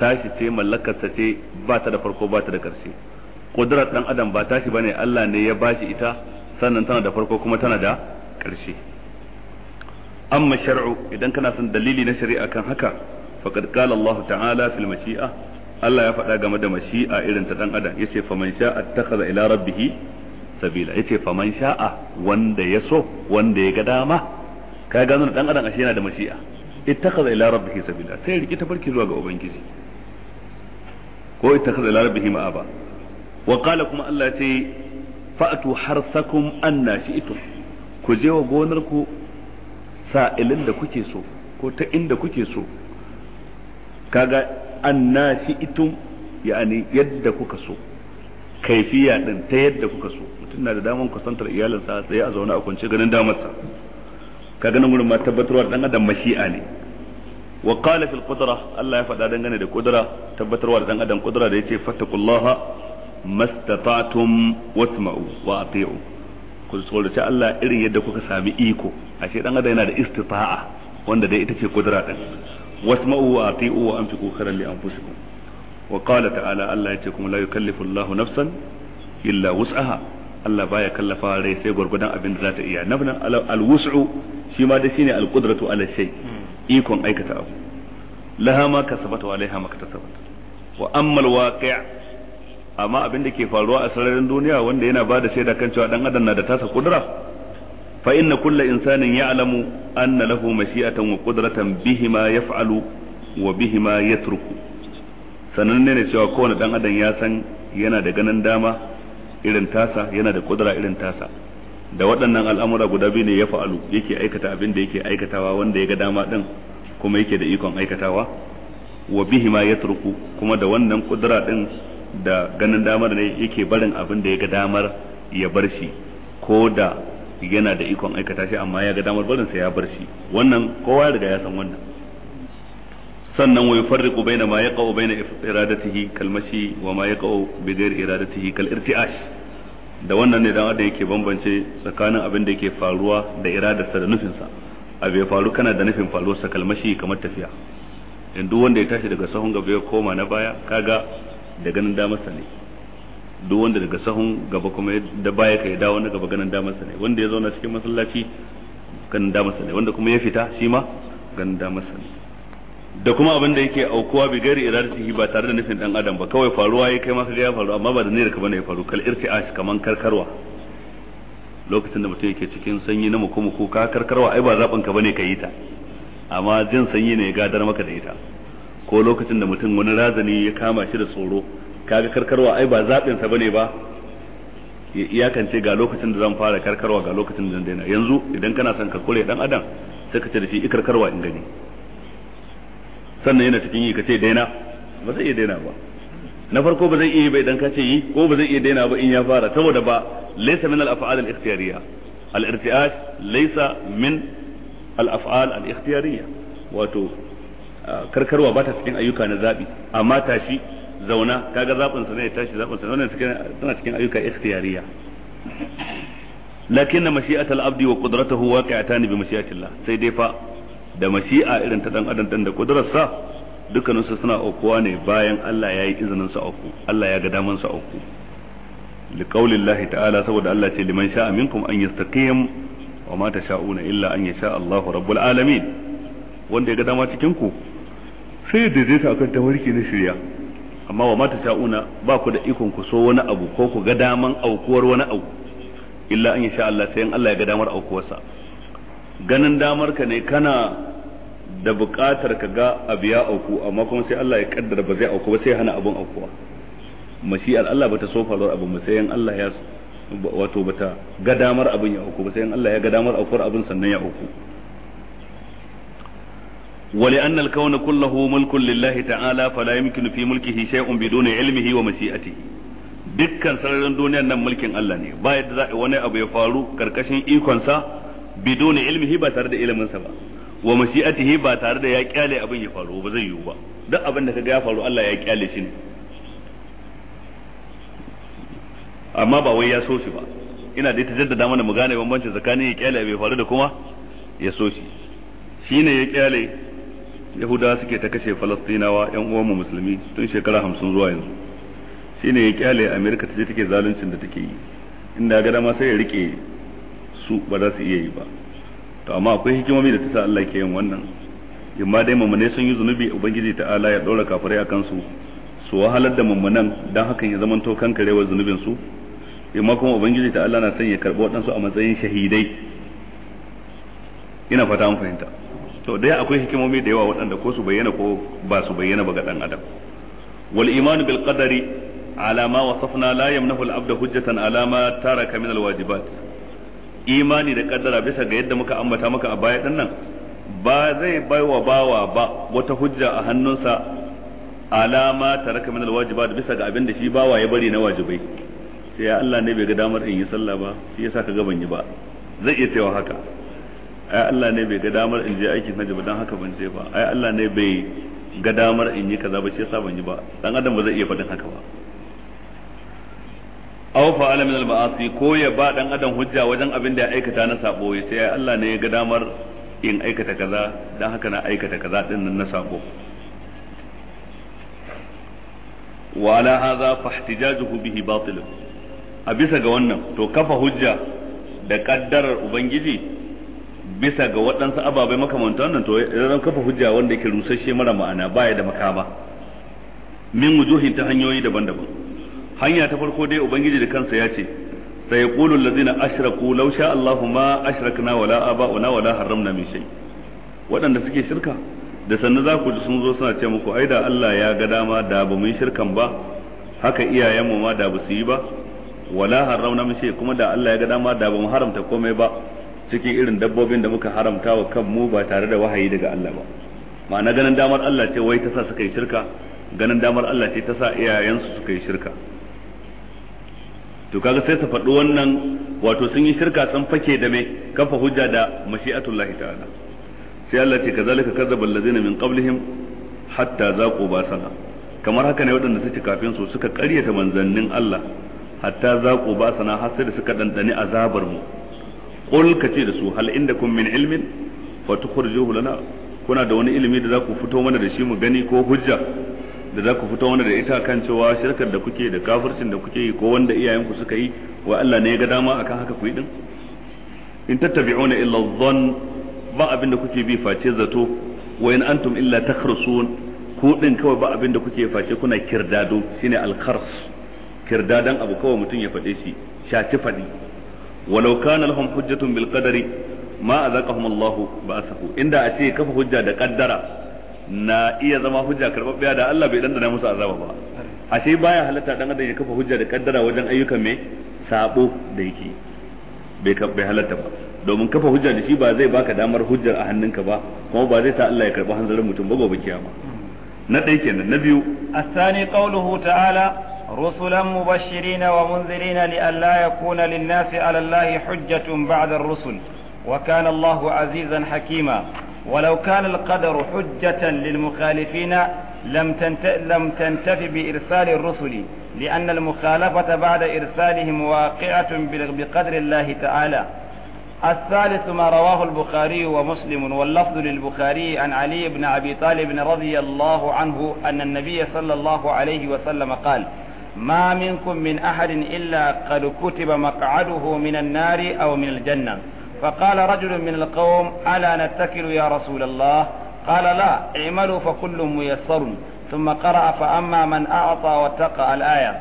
A: tashi ce mallakarsa ce ba ta da farko ba ta da ƙarshe kudurar dan adam ba tashi bane Allah ne ya ba shi ita sannan tana da farko kuma tana da ƙarshe amma shar'u idan kana son dalili na shari'a kan haka faqad qala Allah ta'ala fil mashi'a Allah ya faɗa game da mashi'a irin ta dan adam yace faman sha'a takhadha ila rabbih sabila yace faman sha'a wanda ya so wanda ya ga dama ka nan dan adam ashe yana da mashi'a ittakhadha ila rabbih sabila sai rike ta farki zuwa ga ubangiji ko ittakhadha ila rabbih ma'aba wa qala kuma Allah ce fa'tu harsakum anna shi'tum ku je wa gonar ku sa'ilin da kuke so ko ta inda kuke so kaga anna itum yani yadda kuka so kaifiya din ta yadda kuka so mutum na da damar kusantar iyalinsa sai a zaune a kwance ganin damarsa kaga nan gurin ma tabbatarwa dan adam mashi'a ne wa qala fil qudrah Allah ya faɗa dangane da kudura, tabbatarwa da dan adam kudura da yace fattaqullaha mastata'tum wasma'u wa ati'u ku tsorace Allah irin yadda kuka sami iko ashe dan adam yana da istita'a wanda dai ita ce kudura din wasma'u wa ati'u wa anfiqu khairan li anfusikum wa qala ta'ala Allah yace kuma layu yukallifu Allahu nafsan illa wus'aha Allah baya kallafa rai sai gwargwadon abin da za ta iya nafna alwus'u shi da shine alqudratu ala shay ikon aikata abu laha ma kasabat wa alaiha ma kasabat wa amma alwaqi' amma abin da ke faruwa a sararin duniya wanda yana bada shaida kan cewa dan na da tasa kudura fa inna kulla insanin ya'lamu anna lahu mashi'atan wa ma ya fa'alu wa ya turku sananne ne cewa kowane dan adam ya san yana da ganin dama irin tasa yana da kudura irin tasa da waɗannan al'amura guda biyu ne ya fa'alu yake aikata abin da yake aikatawa wanda ya ga dama ɗin kuma yake da ikon aikatawa wa bihi ma ya turku kuma da wannan kudura ɗin da ganin da ne yake barin abin da ya ga damar ya bar shi ko da yana da ikon aikata shi amma ya ga damar barin sa ya bar shi wannan kowa riga ya san wannan sannan wa yufarriqu baina ma yaqa'u baina iradatihi kal mashi wa ma yaqa'u bi ghair iradatihi kal irti'ash da wannan ne dan adam yake bambance tsakanin abin da yake faruwa da iradarsa da nufinsa abu ya faru kana da nufin sa kalmashi kamar tafiya in duk wanda ya tashi daga sahun gaba ya koma na baya kaga da ganin damarsa ne duk wanda daga sahun gaba kuma da baya ka ya dawo na gaba ganin damar sa ne wanda ya zauna cikin masallaci ganin damar sa ne wanda kuma ya fita shi ma ganin damar sa ne da kuma abin da yake aukuwa bi gari iradatihi ba tare da nufin dan adam ba kawai faruwa yayi kai ma kaga ya faru amma ba da niyyar ka bane ya faru kal irtiash kaman karkarwa lokacin da mutum yake cikin sanyi na muku muku ka karkarwa ai ba zaɓin ka bane ka yi ta amma jin sanyi ne ya gadar maka da ita ko lokacin da mutum wani razani ya kama shi da tsoro kaga karkarwa ai ba zaɓin sa bane ba ya iyakance ga lokacin da zan fara karkarwa ga lokacin da zan daina yanzu idan kana son ka kure dan adam sai ka ce da shi i karkarwa in gani sannan yana cikin yi ka ce daina ba zai iya daina ba na farko ba zai iya ba idan ka ce yi ko ba zai iya daina ba in ya fara saboda ba laysa min al-af'al al-ikhtiyariyya al-irtiash laysa min al-af'al al-ikhtiyariyya wato ah, karkarwa ba ta cikin ayyuka na zabi amma tashi zauna kaga zaɓin sa ne ya tashi zaɓin sa wannan suna cikin ayyuka ikhtiyariya lakinna mashi'atul abdi wa qudratuhu waqi'atan bi mashi'atillah sai dai fa da mashi'a irin ta dan adam dan da kudurarsa dukkaninsu suna aukuwa ne bayan Allah ya yi izinin su auku Allah ya ga daman su auku liqaulin lahi ta'ala saboda Allah ce liman sha'a minkum an yastaqim wa ma tasha'una illa an yasha Allahu rabbul alamin wanda ya ga dama cikin ku sai ya daidaita akan tawarki na shirya amma wa mata sha'una ba ku da ikon ku so wani abu ko ku ga daman aukuwar wani abu illa an sha Allah sai in Allah ya ga damar aukuwarsa ganin damar ka ne kana da buƙatar ka ga abu ya auku amma kuma sai Allah ya kaddara ba zai auku ba sai hana abun aukuwa mashi'ar Allah bata so faruwar abu ba sai in Allah ya wato bata ga damar abun ya auku ba sai in Allah ya ga damar aukuwar abun sannan ya auku ولأن الكون كله ملك لله تعالى فلا يمكن في ملكه شيء بدون علمه ومشيئته dukkan sararin duniyar nan mulkin Allah ne ba yadda za wani abu ya faru karkashin ikonsa bidoni ilmihi ba tare da iliminsa ba wa mashi'atihi ba tare da ya kyale abin ya faru ba zai yiwu ba duk abin da kaga ya faru Allah ya kyale shi ne amma ba wai ya so shi ba ina da ta jaddada mana mu gane bambancin tsakanin ya kyale bai faru da kuma ya so shi shine ya kyale yahudawa suke ta kashe falastinawa yan uwan mu musulmi tun shekara hamsin zuwa yanzu shine ya kyale amerika ta je take zaluncin da take yi inda ga dama sai ya rike su ba za su iya yi ba to amma akwai hikimomi da ta sa Allah ke yin wannan imma dai mamane sun yi zunubi ubangiji ta'ala ya dora kafirai akan su su wahalar da mamanan dan hakan ya zamanto kankarewar zunubin su imma kuma ubangiji ta'ala na son ya karbi waɗansu a matsayin shahidai ina fata an fahimta to dai akwai hikimomi da yawa waɗanda ko su bayyana ko ba su bayyana ba ga ɗan adam wal iman bil qadari ala ma wasafna la yamnahu al abd hujjatan ala ma taraka min al wajibat imani da qadara bisa ga yadda muka ambata maka a baya dinnan ba zai baiwa bawa ba wata hujja a hannunsa alama taraka min alwajibat bisa ga abin da shi bawa ya bari na wajibai sai ya Allah ne bai ga damar in yi sallah ba shi yasa ka ga ban yi ba zai iya cewa haka ai Allah ne bai ga damar in je aikin hajji ba dan haka ban je ba ai Allah ne bai ga damar in yi kaza ba shi yasa ban yi ba dan adam ba zai iya faɗin haka ba aw ala min al-ma'asi ko ya ba dan adam hujja wajen abin da ya aikata na sabo ya ai Allah ne ya ga damar in aikata kaza dan haka na aikata kaza din nan na sabo wa ala hadha fa ihtijajuhu bihi batil a bisa ga wannan to kafa hujja da kaddarar ubangiji bisa ga waɗansu ababai makamanta wannan to idan kafa hujja wanda yake rusasshe mara ma'ana baya da makama min wujuhin ta hanyoyi daban-daban hanya ta farko dai ubangiji da kansa ya ce sai ya qulu lazina ashraku law Allahu ma ashrakna wala aba'una wala haramna min shay waɗanda suke shirka da sannu za ku ji sun zo suna ce muku ai da Allah ya ga dama da ba mu yi shirkan ba haka iyayenmu ma da ba su yi ba wala haramna min shay kuma da Allah ya ga dama da ba mu haramta komai ba cikin irin dabbobin da muka haramta wa kan mu ba tare da wahayi daga Allah ba ma'ana ganin damar Allah ce wai ta sa suka yi shirka ganin damar Allah ce ta sa iyayensu suka yi shirka to kaga sai su faɗi wannan wato sun yi shirka sun fake da me kafa hujja da mashi'atullah ta'ala sai Allah ce kazalika kadzaba ladina min qablihim hatta zaqu basana kamar haka ne waɗanda suke kafin su suka ƙaryata manzannin Allah hatta zaqu basana har sai da suka dandane azabar mu qul da su hal indakum min ilmin fa tukhrijuhu lana kuna da wani ilimi da za ku fito mana da shi mu gani ko hujja da za ku fito wani da ita kan cewa shirkar da kuke da kafircin da kuke yi ko wanda iyayenku suka yi wa Allah ne ya ga dama akan haka ku yi din in tattabi'una illa dhann ba abin da kuke bi face zato wa in antum illa takhrusun ku din kawai ba abin da kuke face kuna kirdado shine al-khars kirdadan abu kawai mutum ya faɗe shi shaci faɗi walau kana lahum hujjatun bil qadari ma azaqahum Allah ba'athahu inda a ce kafa hujja da kaddara na iya zama hujja karbabbiya da Allah bai dandana musu azaba ba ashe baya halatta dan adam kafa hujja da kaddara wajen ayyukan me sabo da yake bai bai ba domin kafa hujja da shi ba zai baka damar hujjar a hannun ka ba kuma ba zai sa Allah ya karbi hanzarin mutum ba gobe kiyama hmm. na ɗaya kenan na biyu
B: sani qawluhu ta'ala رسلا مبشرين ومنذرين لئلا يكون للناس على الله حجة بعد الرسل وكان الله عزيزا حكيما ولو كان القدر حجة للمخالفين لم تنت... لم تنتف بإرسال الرسل لأن المخالفة بعد إرسالهم واقعة بقدر الله تعالى الثالث ما رواه البخاري ومسلم واللفظ للبخاري عن علي بن أبي طالب رضي الله عنه أن النبي صلى الله عليه وسلم قال ما منكم من أحد إلا قد كتب مقعده من النار أو من الجنة فقال رجل من القوم ألا نتكل يا رسول الله قال لا اعملوا فكل ميسر ثم قرأ فأما من أعطى واتقى الآية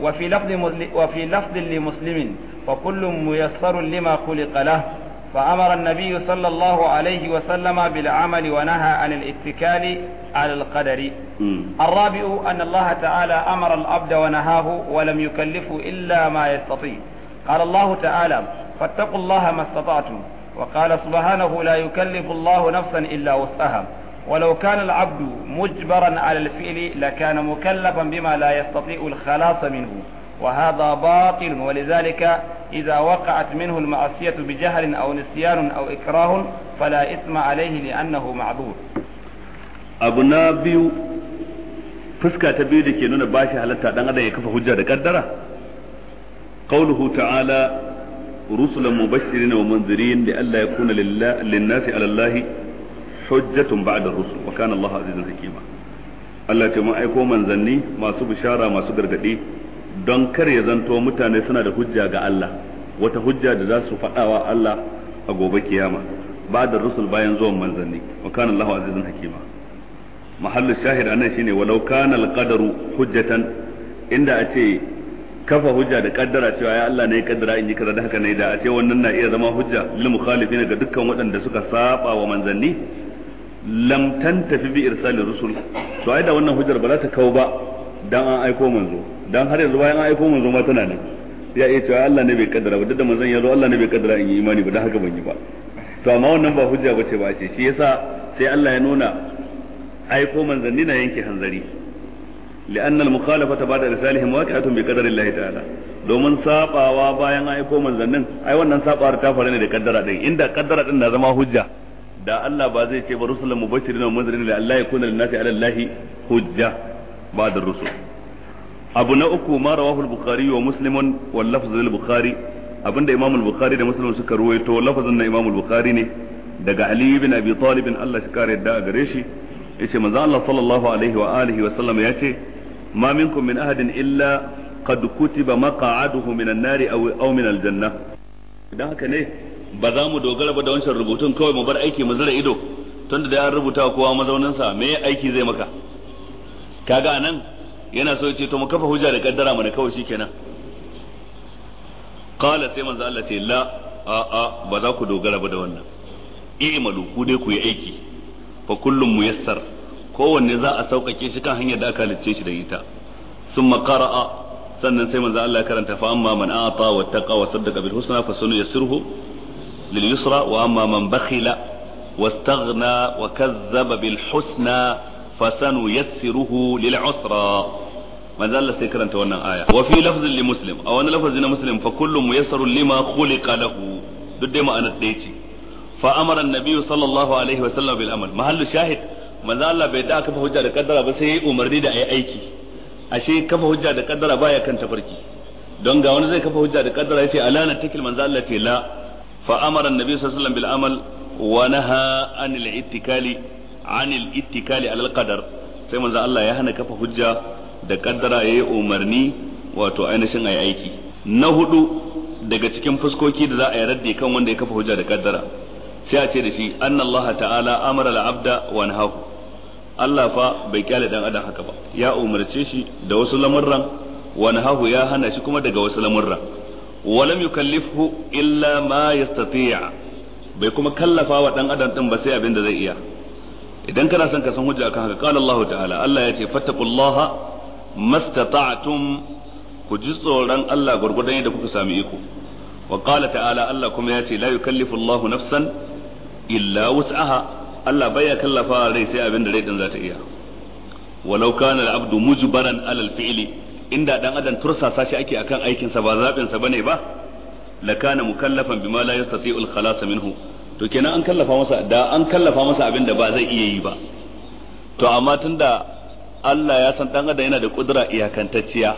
B: وفي لفظ, وفي لفظ لمسلم فكل ميسر لما خلق له فأمر النبي صلى الله عليه وسلم بالعمل ونهى عن الاتكال على القدر الرابع أن الله تعالى أمر العبد ونهاه ولم يكلفه إلا ما يستطيع قال الله تعالى فاتقوا الله ما استطعتم وقال سبحانه لا يكلف الله نفسا إلا وسعها ولو كان العبد مجبرا على الفعل لكان مكلفا بما لا يستطيع الخلاص منه وهذا باطل ولذلك إذا وقعت منه المعصية بجهل أو نسيان أو إكراه فلا إثم عليه لأنه معذور
A: أبو نابيو فسكا تبيدي كينونا باشي هل تعتقد يكفى حجة كدرة قوله تعالى رسلا مبشرين ومنذرين لئلا يكون لله للناس على الله حجة بعد الرسل وكان الله عزيزا حكيما الله تعالى من منذني ما سبشارة ما سبرقدي don kar ya zanto mutane suna da hujja ga Allah wata hujja da za su faɗawa Allah a gobe kiyama ba da rusul bayan zuwan manzanni wa kana Allahu azizun hakima mahallu shahid anan shine walau kana alqadaru hujjatan inda a ce kafa hujja da kaddara cewa ya Allah ne ya kaddara in yi kaza da haka ne da a ce wannan na iya zama hujja lil mukhalifin ga dukkan waɗanda suka saba wa manzanni lam tantafi bi irsali rusul to ai da wannan hujjar ba za ta kawo ba dan an aiko manzo dan har yanzu bayan an aiko manzo ma tana nan ya iya cewa Allah ne bai kaddara ba duk da manzon ya zo Allah ne bai kaddara in yi imani ba dan haka ban yi ba to amma wannan ba hujja ba ce ba ce shi yasa sai Allah ya nuna aiko manzanni na yanke hanzari لأن المخالفة بعد رسالهم واقعة بقدر الله تعالى domin bayan aiko manzannin ai wannan sabawar ta ne da kaddara din inda kaddara din na zama hujja da Allah ba zai ce ba rusulun mubashirin wa munzirin la Allah yakuna lin hujja بعد rusul abu na uku رواه البخاري ومسلم واللفظ wa muslimun wal lafz abinda imam al da muslim suka ruwaito lafazin na imam al ne daga ali ibn abi Allah shi kare da gare shi yace manzo Allah sallallahu alaihi wa alihi wa sallam yace ma minkum min ahadin illa dan haka ne ba za mu dogara ba da wancan rubutun kawai mu bar aiki mu zira ido tunda da an rubuta kowa mazauninsa me aiki zai maka kaga anan yana so ce to mu kafa hujja da kaddara mana kawai shikenan qala sai manzo Allah ce la a a ba za ku dogara ba da wannan i'malu ku dai ku yi aiki fa kullum muyassar kowanne za a sauƙaƙe shi kan hanyar da aka halicce shi da ita summa qara'a sannan sai manzo Allah karanta fa amma man a'ata wa taqa wa saddaqa bil husna fa sunu yasirhu lil yusra wa amma man bakhila واستغنى bil husna. fasanu yassiruhu lil usra manzo karanta wannan aya wa fi lafzin li muslim a wani lafzi na muslim fa kullu muyassarun lima khuliqa lahu duk dai ma'anar ɗaya ce fa amara annabi sallallahu alaihi wa sallam bil amal mahallu shahid manzo bai da kafa hujja da kaddara ba sai umarni da ayi aiki ashe kafa hujja da kaddara baya kan tafarki don ga wani zai kafa hujja da kaddara yace ala natakil manzo la fa sallallahu alaihi wa sallam bil amal anil ittikali على القدر sai manzo Allah ya hana kafa hujja da kaddara yayi umarni wato ainihin ayi aiki na hudu daga cikin fuskoki da za a yi raddi kan wanda ya kafa hujja da kaddara sai a ce da shi anna Allah ta'ala amara al-abda wa nahahu Allah fa bai kyale dan adam haka ba ya umarce shi da wasu lamurran wa nahahu ya hana shi kuma daga wasu lamurran wa lam yukallifhu illa ma yastati' bai kuma kallafa wa dan adam din ba sai abin da zai iya idan kana son ka san hujja akan haka qala Allah ta'ala Allah ya ce fattaqullaha mastata'tum ku ji tsoron Allah gurgurdan yadda kuka sami iko wa qala ta'ala Allah kuma ya ce la yukallifu Allah nafsan illa wus'aha Allah baya kallafa rai sai abin da rai din za ta iya walau kana al-abdu mujbaran alal fi'li inda dan adam tursasa shi ake akan aikin sa ba zabin sa bane ba lakana mukallafan bima la yastati'u al-khalas minhu to kenan an kallafa masa da an kallafa masa abin da ba zai iya yi ba to amma tunda Allah ya san dan adam yana da kudura iyakantacciya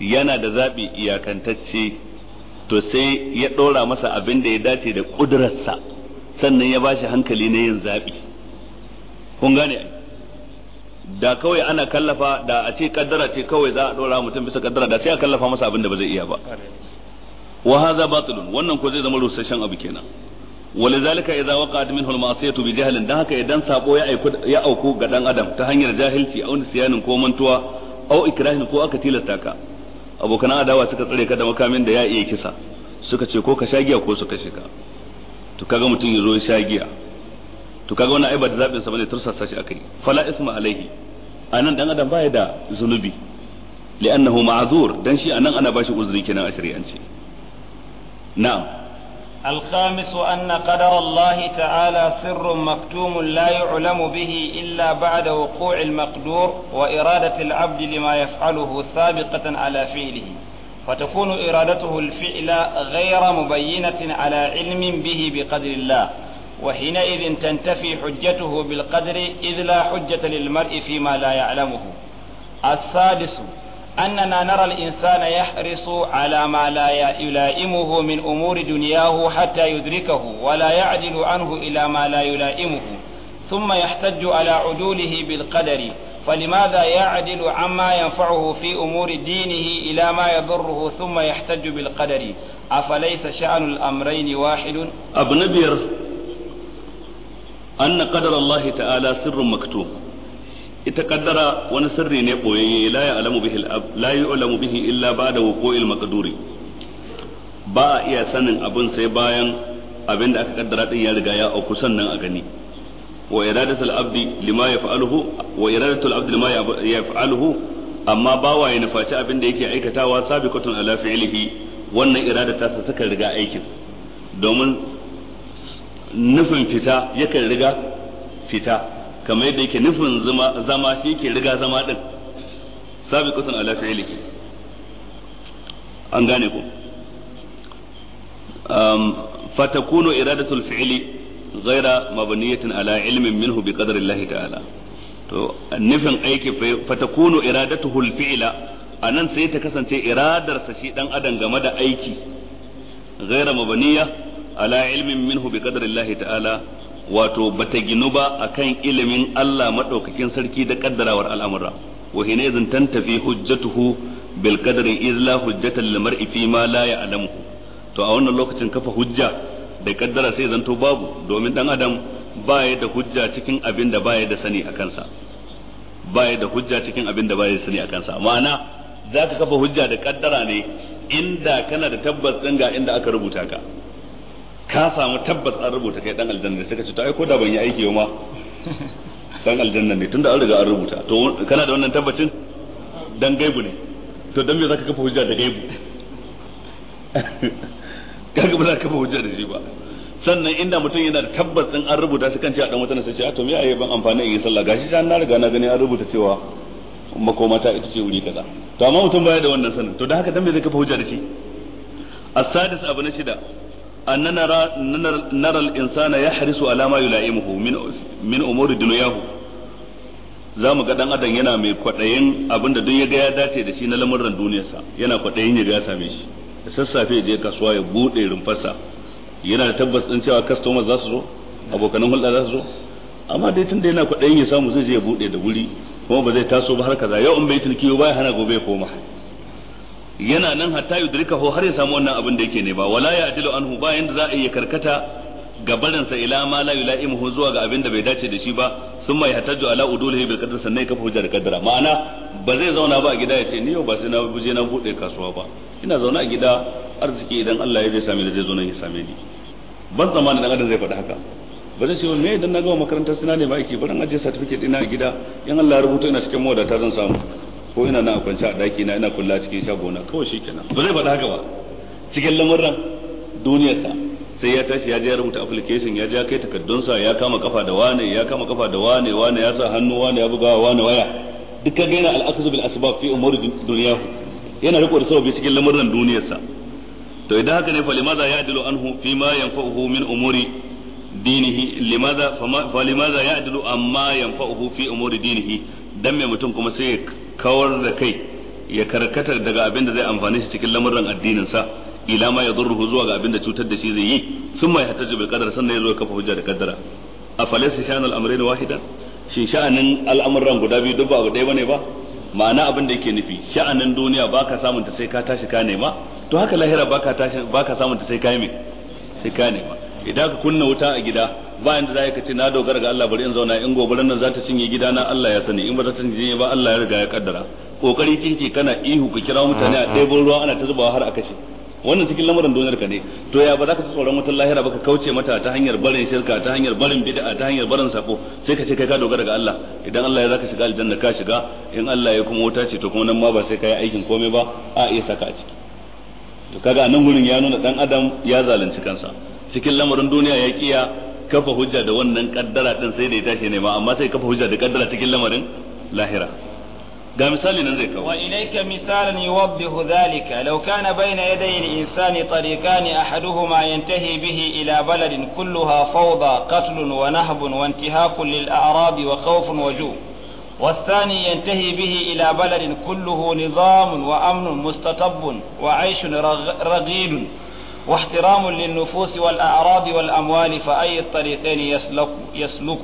A: yana da zabi iyakantacce to sai ya dora masa abin da ya dace da kudurarsa sannan ya bashi hankali na yin zabi kun gane da kawai ana kallafa da a ce kaddara ce kawai za a dora mutum bisa kaddara da sai a kallafa masa abin da ba zai iya ba wa hadha batilun wannan ko zai zama rusasshen abu kenan walidhalika idza waqa'at minhu al-ma'siyatu bi jahlin dan haka idan sabo ya aiku ya auku ga dan adam ta hanyar jahilci au siyanin ko mantuwa au ikrahin ko aka tilasta ka abokan adawa suka tsare ka da makamin da ya iya kisa suka ce ko ka sha giya ko su kashe ka to kaga mutum ya zo ya sha giya to kaga wannan aibar da zabin sa bane tursasa shi akai fala isma alaihi anan dan adam baya da zunubi li'annahu ma'zur dan shi anan ana bashi uzuri kenan a sharianci na'am
B: الخامس أن قدر الله تعالى سر مكتوم لا يعلم به إلا بعد وقوع المقدور وإرادة العبد لما يفعله سابقة على فعله فتكون إرادته الفعل غير مبينة على علم به بقدر الله وحينئذ تنتفي حجته بالقدر إذ لا حجة للمرء فيما لا يعلمه السادس أننا نرى الإنسان يحرص على ما لا يلائمه من أمور دنياه حتى يدركه ولا يعدل عنه إلى ما لا يلائمه ثم يحتج على عدوله بالقدر فلماذا يعدل عما ينفعه في أمور دينه إلى ما يضره ثم يحتج بالقدر أفليس شأن الأمرين واحد أبنبير
A: أن قدر الله تعالى سر مكتوب ita kaddara wani sirri ne boyayye la ya'lamu bihi la ya'lamu bihi illa ba'da wuqu'il maqduri ba a iya sanin abin sai bayan abin da aka kaddara din ya riga ya auku sannan a gani wa iradatul abdi lima yaf'aluhu wa iradatul abdi lima yaf'aluhu amma bawa ya nufaci abin da yake aikatawa sabiqatun ala fi'lihi wannan irada ta saka riga aikin domin nufin fita yakan riga fita kamar yadda yake nufin zama shi ke riga zama din sabiqatan ala fi'lihi an gane ku um fatakunu iradatul fi'li ghaira mabniyatan ala ilmin minhu bi qadri Allah ta'ala to nufin aiki fatakunu iradatuhu al-fi'la anan sai ta kasance sa shi dan adam game da aiki ghaira mabniya ala ilmin minhu bi qadri Allah ta'ala wato bata ginu ba a kan ilimin Allah maɗaukakin sarki da kaddarawar al'amura wa hina idan tantafi hujjatuhu bil qadri izla hujjatan lil mar'i fi ma la ya'lamu to a wannan lokacin kafa hujja da kaddara sai zanto babu domin dan adam baya da hujja cikin abin da baya da sani a kansa baya da hujja cikin abin da baya da sani a kansa ma'ana zaka kafa hujja da kaddara ne inda kana da tabbas ga inda aka rubuta ka ka samu tabbas an rubuta kai dan aljanna sai ka ce to ai ko da ban yi aiki ma dan aljanna ne tunda an riga an rubuta to kana da wannan tabbacin dan gaibu ne to dan me zaka kafa hujja da gaibu kaga ba za ka kafa hujja da shi ba sannan inda mutum yana da tabbas din an rubuta sai kan ce a dan wata sai ce to me ayi ban amfani in yi sallah gashi sai na riga na gani an rubuta cewa makomata ita ce wuri kaza to amma mutum baya da wannan sanin to da haka dan me zai kafa hujja da shi as-sadis abu na shida أن نرى نرى الإنسان يحرص على ما يلائمه من من أمور دنياه za mu ga dan adam yana mai kwaɗayin abinda duk ya ga ya dace da shi na lamuran duniyarsa yana kwaɗayin ya ga ya same shi da sassafe je kasuwa ya buɗe rumfarsa yana da tabbas din cewa customers za su zo abokan hulɗa za su zo amma dai tunda yana kwaɗayin ya samu zai je ya buɗe da wuri kuma ba zai taso ba har kaza yau in bai ciniki ba ya hana gobe ya koma yana nan hatta ho har ya samu wannan abin da yake ne ba wala ya ajilu anhu ba yanda za a iya karkata sa ila ma la yulaimuhu zuwa ga abin da bai dace da shi ba sun mai hatajju ala udulihi bil qadr sannan kafa hujja da ma'ana ba zai zauna ba a gida ya ce ni yau ba sai na buje na bude kasuwa ba ina zauna a gida arziki idan Allah ya zai same ni zai zo nan ya same ni ban tsammanin dan adam zai faɗi haka ba zai ce wani me idan na gama makarantar sina ne ba yake barin ajiye certificate ina a gida in Allah ya rubuta ina cikin mawada ta zan samu ko ina nan na kwance a daki na ina kulla cikin shagona kawai shi kenan ba zai faɗa haka ba cikin duniyar sa sai ya tashi ya je ya rubuta application ya je ya kai takaddunsa ya kama kafa da wane ya kama kafa da wane wane ya sa hannu wane ya buga wane waya dukkan ka gaina al'akazu bil asbab fi umuri dunyahu yana riko da sababi cikin duniyar sa. to idan haka ne fa limaza ya'dilu anhu fi ma yanfa'uhu min umuri dinihi limaza fa limaza ya'dilu amma yanfa'uhu fi umuri dinihi dan mai mutum kuma sai kawar da kai ya karkata daga abin da zai amfani shi cikin lamurran addinin sa ila ma yadurruhu zuwa ga abin da cutar da shi zai yi sun mai hatta jibil qadar sannan yazo kafa hujja da kaddara afalaysa sha'an al-amrayn wahida shin sha'anin al'amuran guda biyu duk ba abu ɗaya bane ba ma'ana abin da yake nufi sha'anin duniya baka samun ta sai ka tashi ka nema to haka lahira baka tashi baka samun ta sai ka yi sai ka nema idan ka kunna wuta a gida ba inda zai kace na dogara ga Allah bari in zauna in gobaran nan za ta cinye gidana Allah ya sani in ba za ta cinye ba Allah ya riga ya kaddara kokari kinki kana ihu ka kira mutane a ɗebo ruwa ana ta zubawa har a kashe wannan cikin lamarin duniyar ka ne to ya ba za ka tsoron wutar lahira ba ka kauce mata ta hanyar barin shirka ta hanyar barin bid'a ta hanyar barin sako sai ka ce kai ka dogara ga Allah idan Allah ya zaka shiga aljanna ka shiga in Allah ya kuma wuta ce to kuma nan ma ba sai ka yi aikin komai ba a iya saka a ciki to kaga nan gurin ya nuna dan adam ya zalunci kansa cikin lamarin duniya ya kiya kafa hujja da wannan kaddara din sai da ya tashi nema amma sai kafa hujja da kaddara cikin lamarin lahira ga misali nan zai
B: kawo wa ilayka misalan yuwaddihu dhalika law kana bayna yaday al-insani tariqani ahaduhuma yantahi bihi ila baladin kulluha fawda qatlun wa nahbun wa intihakun lil a'rab wa khawfun wa ju' والثاني ينتهي به إلى بلد كله نظام وأمن مستطب وعيش رغيد واحترام للنفوس والأعراض والأموال فأي الطريقين يسلك, يسلك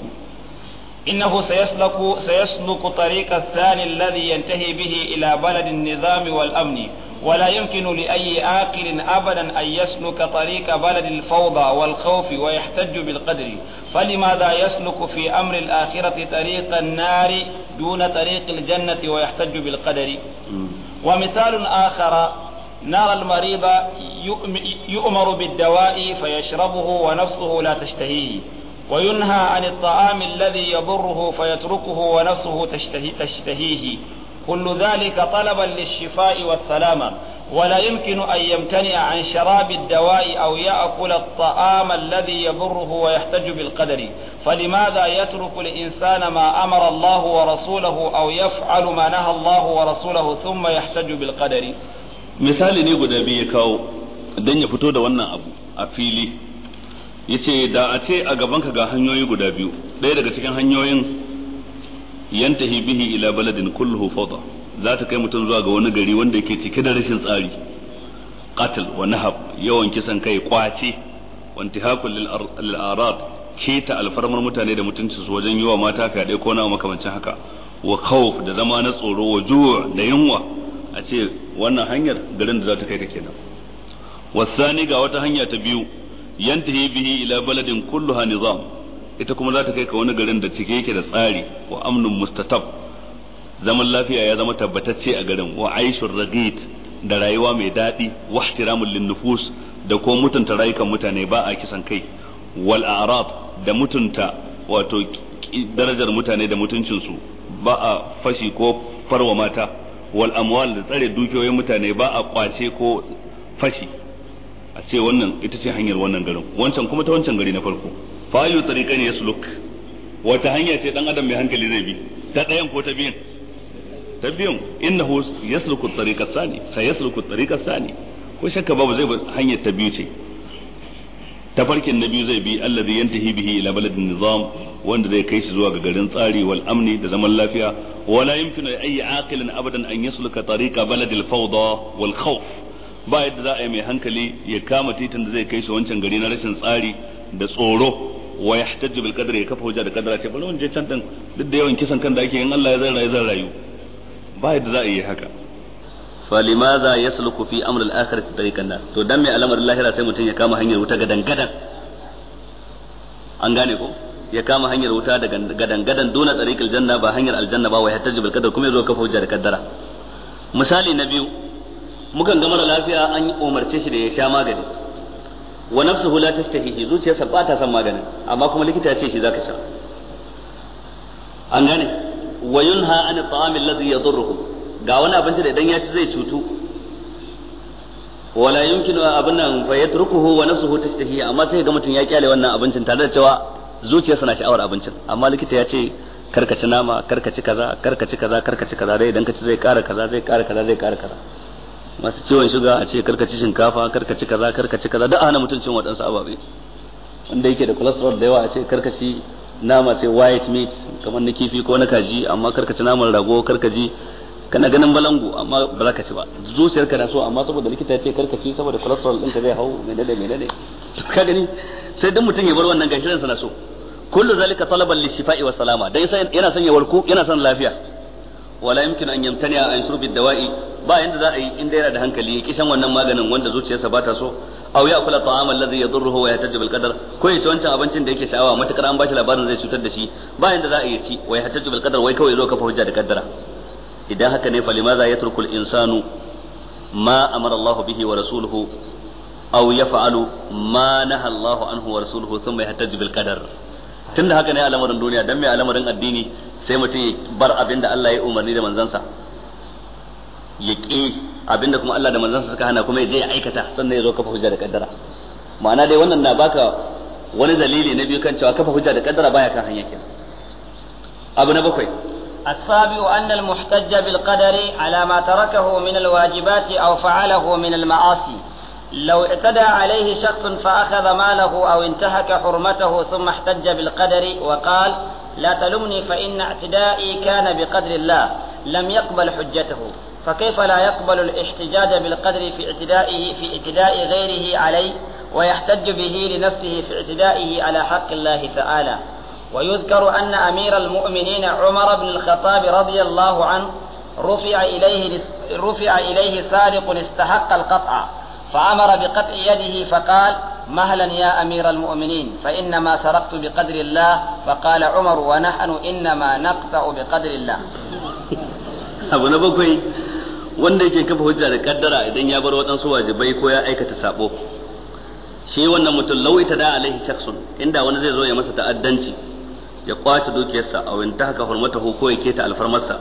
B: إنه سيسلك, سيسلك طريق الثاني الذي ينتهي به إلى بلد النظام والأمن ولا يمكن لأي آكل أبدا أن يسلك طريق بلد الفوضى والخوف ويحتج بالقدر فلماذا يسلك في أمر الآخرة طريق النار دون طريق الجنة ويحتج بالقدر ومثال آخر نرى المريض يؤمر بالدواء فيشربه ونفسه لا تشتهيه وينهى عن الطعام الذي يضره فيتركه ونفسه تشتهي تشتهيه كل ذلك طلبا للشفاء والسلامة ولا يمكن أن يمتنع عن شراب الدواء أو يأكل الطعام الذي يضره ويحتج بالقدر فلماذا يترك الإنسان ما أمر الله ورسوله أو يفعل ما نهى الله ورسوله ثم يحتج بالقدر
A: misali ne guda biyu ya kawo don ya fito da wannan abu a fili yace da a ce a gabanka ga hanyoyi guda biyu ɗaya daga cikin hanyoyin yantahi bihi ila baladin kulluhu fada za ta kai mutum zuwa ga wani gari wanda yake cike da rashin tsari qatl wa nahab yawan kisan kai kwace wantihakul lil arad keta alfarmar mutane da mutuncin su wajen yiwa mata fyaɗe ko na makamancin haka wa khawf da zama na tsoro wa ju' da yunwa a ce wannan hanyar garin da za ta kai ka kenan wasani ga wata hanya ta biyu yantahi bihi ila baladin kulluha nizam ita kuma za ta kai ka wani garin da cike yake da tsari wa amnun mustatab zaman lafiya ya zama tabbatacce a garin wa aishur ragit da rayuwa mai daɗi wa ihtiramul linnufus da ko mutunta rayukan mutane ba a kisan kai wal a'rab da mutunta wato darajar mutane da mutuncinsu ba a fashi ko farwa mata wal amwal da tsare dukiyoyin mutane ba a kwace ko fashi a ce wannan ita ce hanyar wannan garin wancan kuma ta wancan gari na farko fa ayu tariqan yasluk wata hanya ce dan adam mai hankali zai bi ta dayan ko ta biyan ta biyan innahu yasluku tariqa sani sa yasluku tariqa sani ko shakka babu zai hanyar ta biyu ce tafarkin na biyu zai bi allazi yantahi bihi ila baladin nizam wanda zai kai shi zuwa ga garin tsari wal amni da zaman lafiya wala yumkinu ay aqilin abadan an yasluka tariqa baladil fawda wal khawf ba yadda za a yi mai hankali ya kama titin da zai kai shi wancan gari na rashin tsari da tsoro wa yahtaju bil qadri ya kafa hujja da kadara ce bari wanje can din duk da yawan kisan kan da ake yin Allah ya zai rayu zai rayu ba yadda za a
C: yi haka فلماذا يسلك في امر الاخره طريق النار to dan mai alamar lahira sai mutun ya kama hanyar wuta gadan gadan an gane ko ya kama hanyar wuta daga gadangadan dona tsarikil janna ba hanyar aljanna ba wa ya tajibul kadar kuma ya zo kafa hujja da kaddara misali na biyu mukan ga mara lafiya an umarce shi da ya sha magani wa hula la tastahihi zuciyarsa ba ta san maganin amma kuma likita ya ce shi zaka sha an gane wa yunha an at'am alladhi yadurruhu ga wani abinci da idan ya ci zai cutu wala yumkinu abin nan fa yatrukuhu wa nafsuhu tastahi amma sai ga mutum ya kyale wannan abincin tare da cewa zuciyarsa na sha'awar abincin amma likita ya ce karkaci nama karkaci kaza karkaci kaza karkaci kaza dai idan kaci zai kara kaza zai kara kaza zai kara kaza masu ciwon shuga a ce karkaci shinkafa karkaci kaza karkaci kaza duk ana mutum cin waɗansu ababe wanda yake da cholesterol da yawa a ce karkaci nama sai white meat kamar na kifi ko na kaji amma karkaci naman rago karkaji kana ganin balangu amma ba za ka ci ba zuciyarka na so amma saboda likita ya ce karkaci saboda cholesterol ɗinka zai hau mai dade mai dade ka gani sai duk mutum ya bar wannan gashi ransa na so kullu zalika talaban lishifa'i wa salama dan yana son ya warku yana son lafiya wala yumkin an yamtani an shurbi dawa'i ba yanda za a yi inda yana da hankali ya kishan wannan maganin wanda zuciyarsa ba ta so aw ya kula ta'am alladhi yadurruhu wa yahtajib alqadar ko ya ci wancan abincin da yake sha'awa matakar an bashi labarin zai cutar da shi ba yanda za a yi ci wa yahtajib alqadar wai kawai zo kafa hujja da kaddara idan haka ne falimaza yatrukul insanu ma amara Allah bihi wa rasuluhu aw yaf'alu ma naha Allahu anhu wa rasuluhu thumma yahtaj bil qadar tunda haka ne al'amarin duniya dan mai al'amarin addini sai mutum ya bar abin da Allah ya umarni da manzansa ya ƙi abin da kuma Allah da manzansa suka hana kuma ya je ya aikata sannan ya zo kafa hujja da kaddara ma'ana dai wannan na baka wani dalili na biyu kan cewa kafa hujja da kaddara baya kan hanya kenan abu na bakwai
D: السابع أن المحتج بالقدر على ما تركه من الواجبات أو فعله من المعاصي لو اعتدى عليه شخص فأخذ ماله أو انتهك حرمته ثم احتج بالقدر وقال لا تلمني فإن اعتدائي كان بقدر الله لم يقبل حجته فكيف لا يقبل الاحتجاج بالقدر في اعتدائه في اعتداء غيره عليه ويحتج به لنفسه في اعتدائه على حق الله تعالى ويذكر أن أمير المؤمنين عمر بن الخطاب رضي الله عنه رفع إليه رفع إليه سارق استحق القطع فأمر بقطع يده فقال مهلا يا أمير المؤمنين فإنما سرقت بقدر الله فقال عمر ونحن إنما نقطع بقدر الله
A: أبو نبوكي
C: wanda yake kafa hujja da kaddara idan ya bar waɗansu wajibai ko ya aikata sabo shi wannan mutum lauita da alaihi shakhsun inda wani zai zo ya masa ta'addanci ya kwace dukiyarsa a winta haka hurmata ko ya keta alfarmarsa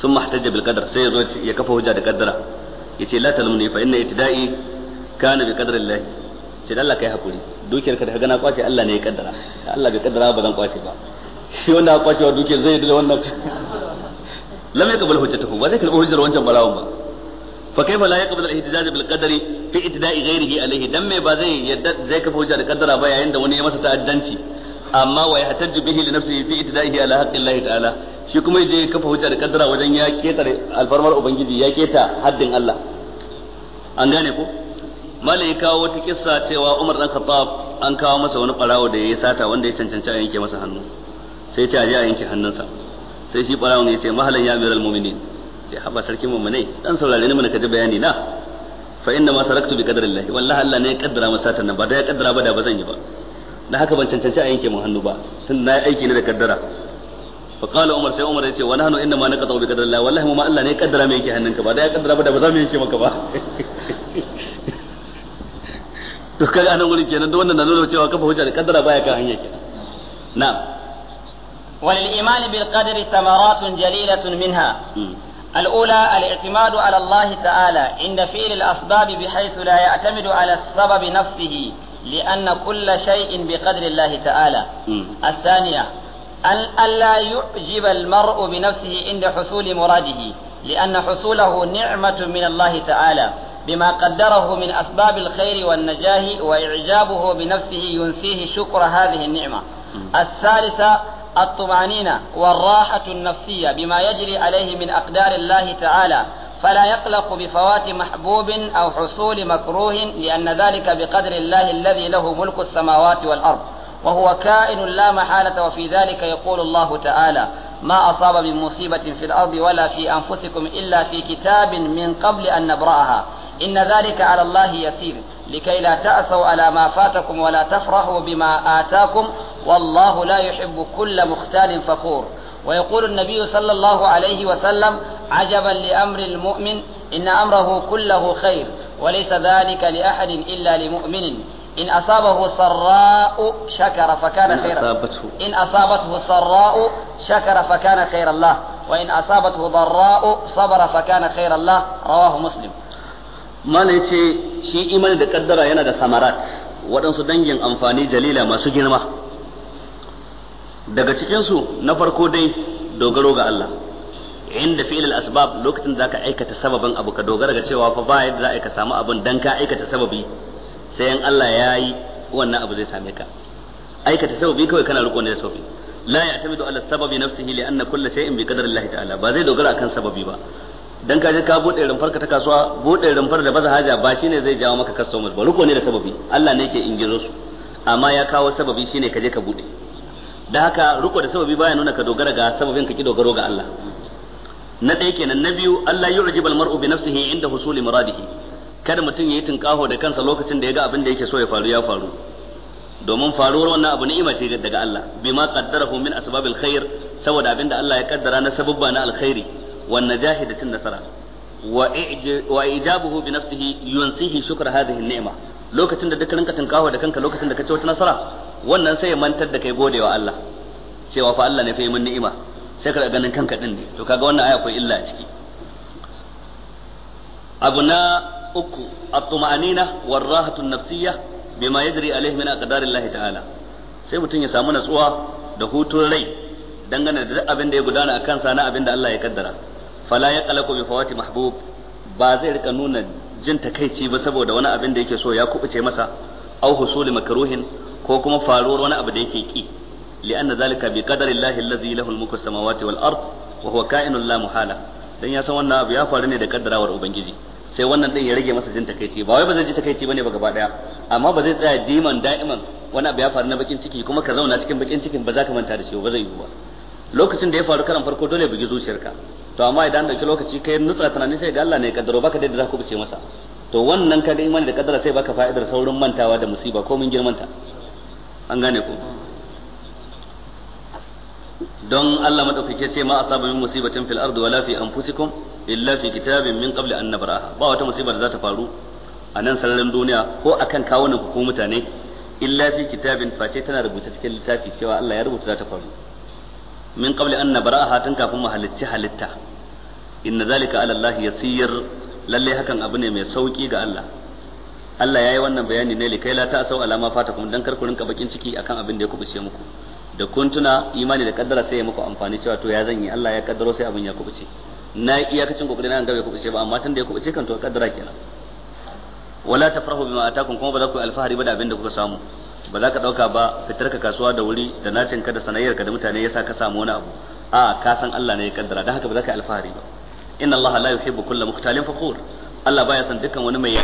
C: sun mahtaja bil qadar sai ya zo ya kafa hujja da kaddara yace la talmuni fa inna ibtida'i kana bi qadri Allah ce Allah kai hakuri dukiyar ka da gana kwace Allah ne ya kaddara Allah bai kaddara ba zan kwace ba shi wanda ya kwace wa dukiyar zai dole wannan lam yakbal hujjatuhu ba zai karbi hujjar wancan balawan ba fa kaifa la yaqbal al-ihtidaj bil qadri fi ittida'i ghayrihi alayhi dan me ba zai yadda zai kafa hujja da kaddara ba yayin da wani ya masa ta'addanci amma wa yahtajju bihi li nafsihi fi itda'ihi ala haqqi Allah ta'ala shi kuma yaje kafa hujja da kaddara wajen ya keta alfarmar ubangiji ya keta haddin Allah an gane ko malai kawo wata kissa cewa Umar dan Khattab an kawo masa wani barawo da yayi sata wanda ya cancanta a yanke masa hannu sai ya ce a yanke hannunsa sai shi barawon ya ce mahalan ya amiral mu'minin ce haba sarkin mu ne dan saurare ni mana kaji bayani na fa inna ma saraktu bi qadarillahi wallahi Allah ne ya kaddara masa satan nan ba da ya kaddara ba da ba zan yi ba na haka ban cancanci a yanke mun hannu ba tun na aiki ne da kaddara fa umar sai umar yace wa nahnu inna ma naqatu bi qadarillah wallahi mu ma Allah ne kaddara mai yake hannunka ba da ya kaddara ba da ba za mu yanke maka ba to kaga anan wurin kenan da wannan na nuna cewa kafa hujja da kaddara baya kan hanya kenan na'am
D: وللإيمان بالقدر ثمرات جليلة منها الأولى الاعتماد على الله تعالى عند فعل الأسباب بحيث لا يعتمد على السبب نفسه لأن كل شيء بقدر الله تعالى الثانية أن ألا يعجب المرء بنفسه عند حصول مراده لأن حصوله نعمة من الله تعالى بما قدره من أسباب الخير والنجاه وإعجابه بنفسه ينسيه شكر هذه النعمة الثالثة الطمأنينة والراحة النفسية بما يجري عليه من أقدار الله تعالى فلا يقلق بفوات محبوب أو حصول مكروه لأن ذلك بقدر الله الذي له ملك السماوات والأرض وهو كائن لا محالة وفي ذلك يقول الله تعالى ما أصاب من مصيبة في الأرض ولا في أنفسكم إلا في كتاب من قبل أن نبرأها إن ذلك على الله يسير لكي لا تأسوا على ما فاتكم ولا تفرحوا بما آتاكم والله لا يحب كل مختال فخور ويقول النبي صلى الله عليه وسلم عجبا لأمر المؤمن إن أمره كله خير وليس ذلك لأحد إلا لمؤمن إن أصابه سراء شكر فكان خيرا إن أصابته إن أصابته سراء شكر فكان خير الله وإن أصابته ضراء صبر فكان خير الله رواه مسلم
C: ما شيء إيمان تقدر kaddara yana da samarat أنفاني جليلة ما jalila daga cikinsu na farko dai dogaro ga Allah inda fi'il al-asbab lokacin da ka aikata sababin abu ka dogara ga cewa fa ba yadda za ka samu abin dan ka aikata sababi sai in Allah ya yi wannan abu zai same ka aikata sababi kawai kana riko ne da sababi la ya'tamidu ala sababi nafsihi li anna kullu shay'in bi qadri Allah ta'ala ba zai dogara akan sababi ba dan ka je ka bude rumfar ka ta kasuwa bude rumfar da baza haja ba shine zai jawo maka customers ba riko ne da sababi Allah ne yake ingiro su amma ya kawo sababi shine ka je ka bude
B: da haka riko
C: da sababi baya nuna ka dogara ga sababin ka ki dogaro ga Allah na ɗaya kenan na biyu Allah yu'jibal mar'u bi nafsihi inda husuli muradihi kada mutum yayi tinkaho da kansa lokacin da ya ga abin da yake so ya faru ya faru domin faruwar wannan abu ni'ima ce daga Allah bima qaddarahu min asbabil khair saboda abinda Allah ya kaddara na sababba na alkhairi wan najahi da cin nasara wa ijabuhu bi nafsihi yunsihi shukr hadhihi ni'ma lokacin da duk rinka tinkaho da kanka lokacin da ka ci wata nasara wannan sai ya mantar da kai gode wa Allah cewa fa Allah ne fa yi min ni'ima sai ka ganin kanka din ne to kaga wannan aya akwai illa a ciki abu na uku at-tuma'anina war-rahatu an-nafsiyya bima yajri alayhi min aqdarillah ta'ala sai mutum ya samu natsuwa da hutun rai dangane da abin da ya gudana a kansa na abin da Allah ya kaddara fala ya qalaqu bi fawati mahbub ba zai rika nuna jin takaici ba saboda wani abin da yake so ya kubuce masa au husuli makruhin ko kuma faruwar wani abu da yake ki li'anna zalika bi qadari llahi allazi lahu al-mulku samawati wal ard wa huwa ka'inun la muhala dan ya san wannan abu ya faru ne da kaddarawar ubangiji sai wannan din ya rage masa jin takeici ba wai ba zai ji takeici bane ba gaba daya amma ba zai tsaya diman da'iman wani abu ya faru na bakin ciki kuma ka zauna cikin bakin cikin ba za ka manta da shi ba zai yi ba lokacin da ya faru karan farko dole bugi zuciyarka to amma idan dauki lokaci kai nutsa tunani sai ga Allah ne ya kaddaro baka da yadda za ku bice masa to wannan kaga imani da kaddara sai baka fa'idar saurin mantawa da musiba ko mun girmanta an gane ku. don Allah madaukake ce ma asaba min musibatin fil ardi wala fi anfusikum illa fi kitabin min qabli an nabraha ba wata musibar da za ta faru a nan sararin duniya ko akan kawunan ku ko mutane illa fi kitabin face tana rubuta cikin littafi cewa Allah ya rubuta za ta faru min qabli an nabraha tun kafin mu halitta halitta inna zalika ala Allah yasir lalle hakan abu ne mai sauki ga Allah Allah ya yi wannan bayani ne likai la ta sau alama fata kuma dan karku rinka bakin ciki akan abin da ya kubuce muku da kun tuna imani da kaddara sai ya muku amfani cewa to ya zanyi Allah ya kaddaro sai abin ya kubuce na iyakacin kokari na an gabe kubuce ba amma tun da ya kubuce kan to kaddara kenan wala tafrahu bima atakum kuma ba za ku alfahari ba da abin da kuka samu ba za ka dauka ba fitar ka kasuwa da wuri da nacin ka da sanayyar ka da mutane yasa ka samu wani abu a ka san Allah ne ya kaddara dan haka ba za ka alfahari ba inna Allah la yuhibbu kulla mukhtalin fakhur Allah baya san dukkan wani mai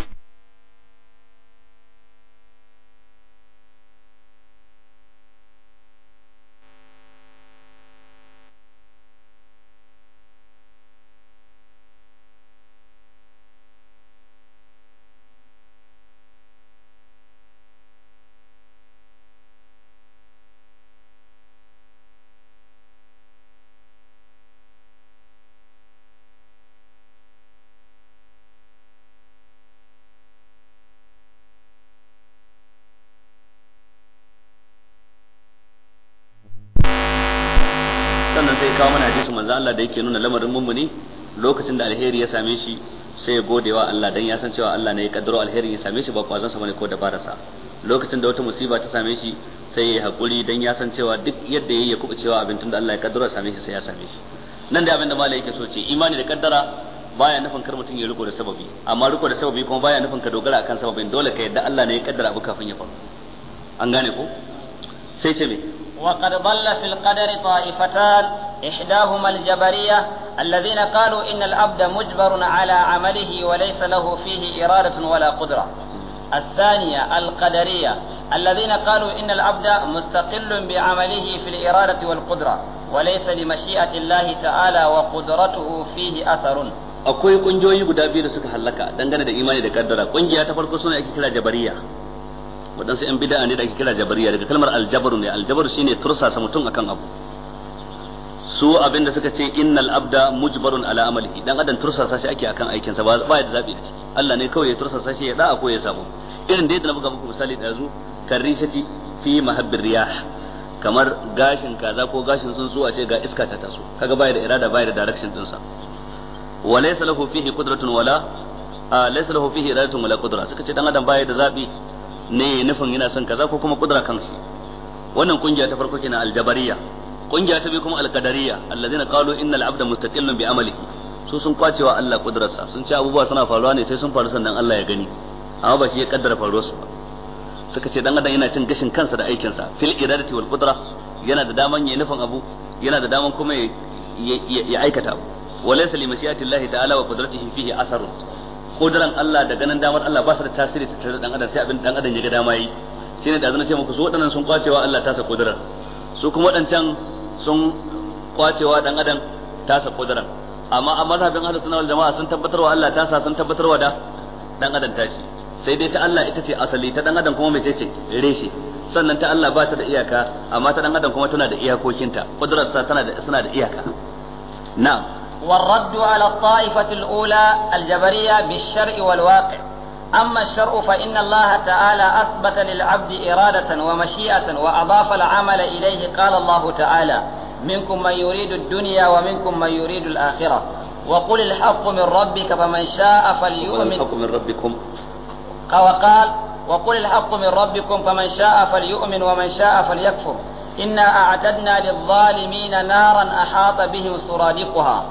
C: ke nuna lamarin mummuni lokacin da alheri ya same shi sai ya gode wa Allah dan ya san cewa Allah ne ya kaddaro alherin ya same shi ba kwazon sa bane ko dabararsa lokacin da wata musiba ta same shi sai ya hakuri dan ya san cewa duk yadda yayi ya kuɓa cewa abin da Allah ya kaddaro same shi sai ya same shi nan da abin da malai yake so ce imani da kaddara baya nufin kar mutum ya riko da sababi amma riko da sababi kuma baya nufin ka dogara akan sababin dole ka yadda Allah ne ya kaddara abu kafin ya faru an gane ko sai ce me
D: وقد ضل في القدر طائفتان إحداهما الجبرية الذين قالوا إن العبد مجبر على عمله وليس له فيه إرادة ولا قدرة الثانية القدرية الذين قالوا إن العبد مستقل بعمله في الإرادة والقدرة وليس لمشيئة الله تعالى وقدرته فيه أثر
A: akwai
C: kungiyoyi guda biyu da suka halaka dangane da imani da kaddara kungiya ta farko suna ake kira jabariya waɗansu 'yan bid'a ne da ake kira jabariya daga kalmar aljabaru ne aljabaru shine tursasa mutum akan abu su abinda suka ce innal abda mujbarun ala amalihi dan adam tursasa shi ake akan aikinsa ba ba da zabi da ciki Allah ne kawai ya tursasa shi ya da ko ya samu irin da yadda na buga muku misali da zu karishati fi mahabbir riyah kamar gashin kaza ko gashin tsuntsu a ce ga iska ta taso kaga baya da irada baya da direction din sa wa laysa lahu fihi qudratun wala laysa lahu fihi iradatun wala qudra suka ce dan adam baya da zabi ne nufin yana son kaza ko kuma kudura kansa wannan kungiya ta farko kenan aljabariya kungiya ta bi kuma alkadariya alladina qalu innal abda mustaqillun bi amalihi su sun kwacewa Allah kudrarsa sun ce abubuwa suna faruwa ne sai sun faru sannan Allah ya gani amma ba shi ya kaddara faruwar su ba suka ce dan adam yana cin gashin kansa da aikin sa fil iradati wal qudra yana da daman yayi nufin abu yana da daman kuma ya aikata abu walaysa li mashi'atillahi ta'ala wa qudratihi fihi atharun kudran Allah da ganin damar Allah ba su da tasiri ta tare da dan adam sai abin dan adam ya ga dama yi shine da zan ce muku su wadannan sun kwacewa Allah tasa kudrar su kuma wadancan sun kwacewa dan adam tasa kudaran amma a mazhabin ahlus sunna wal jama'a sun tabbatarwa Allah tasa sun tabbatarwa da dan adam tashi sai dai ta Allah ita ce asali ta dan adam kuma mai tace reshe sannan ta Allah ba ta da iyaka amma ta dan adam kuma tana da iyakokinta kudurarsa tana da suna da iyaka na'am
D: والرد على الطائفة الأولى الجبرية بالشرع والواقع أما الشرع فإن الله تعالى أثبت للعبد إرادة ومشيئة وأضاف العمل إليه قال الله تعالى منكم من يريد الدنيا ومنكم من يريد الآخرة وقل الحق من ربك فمن شاء فليؤمن الحق من ربكم وقال وقل الحق من ربكم فمن شاء فليؤمن ومن شاء فليكفر إنا أعتدنا للظالمين نارا أحاط بهم سرادقها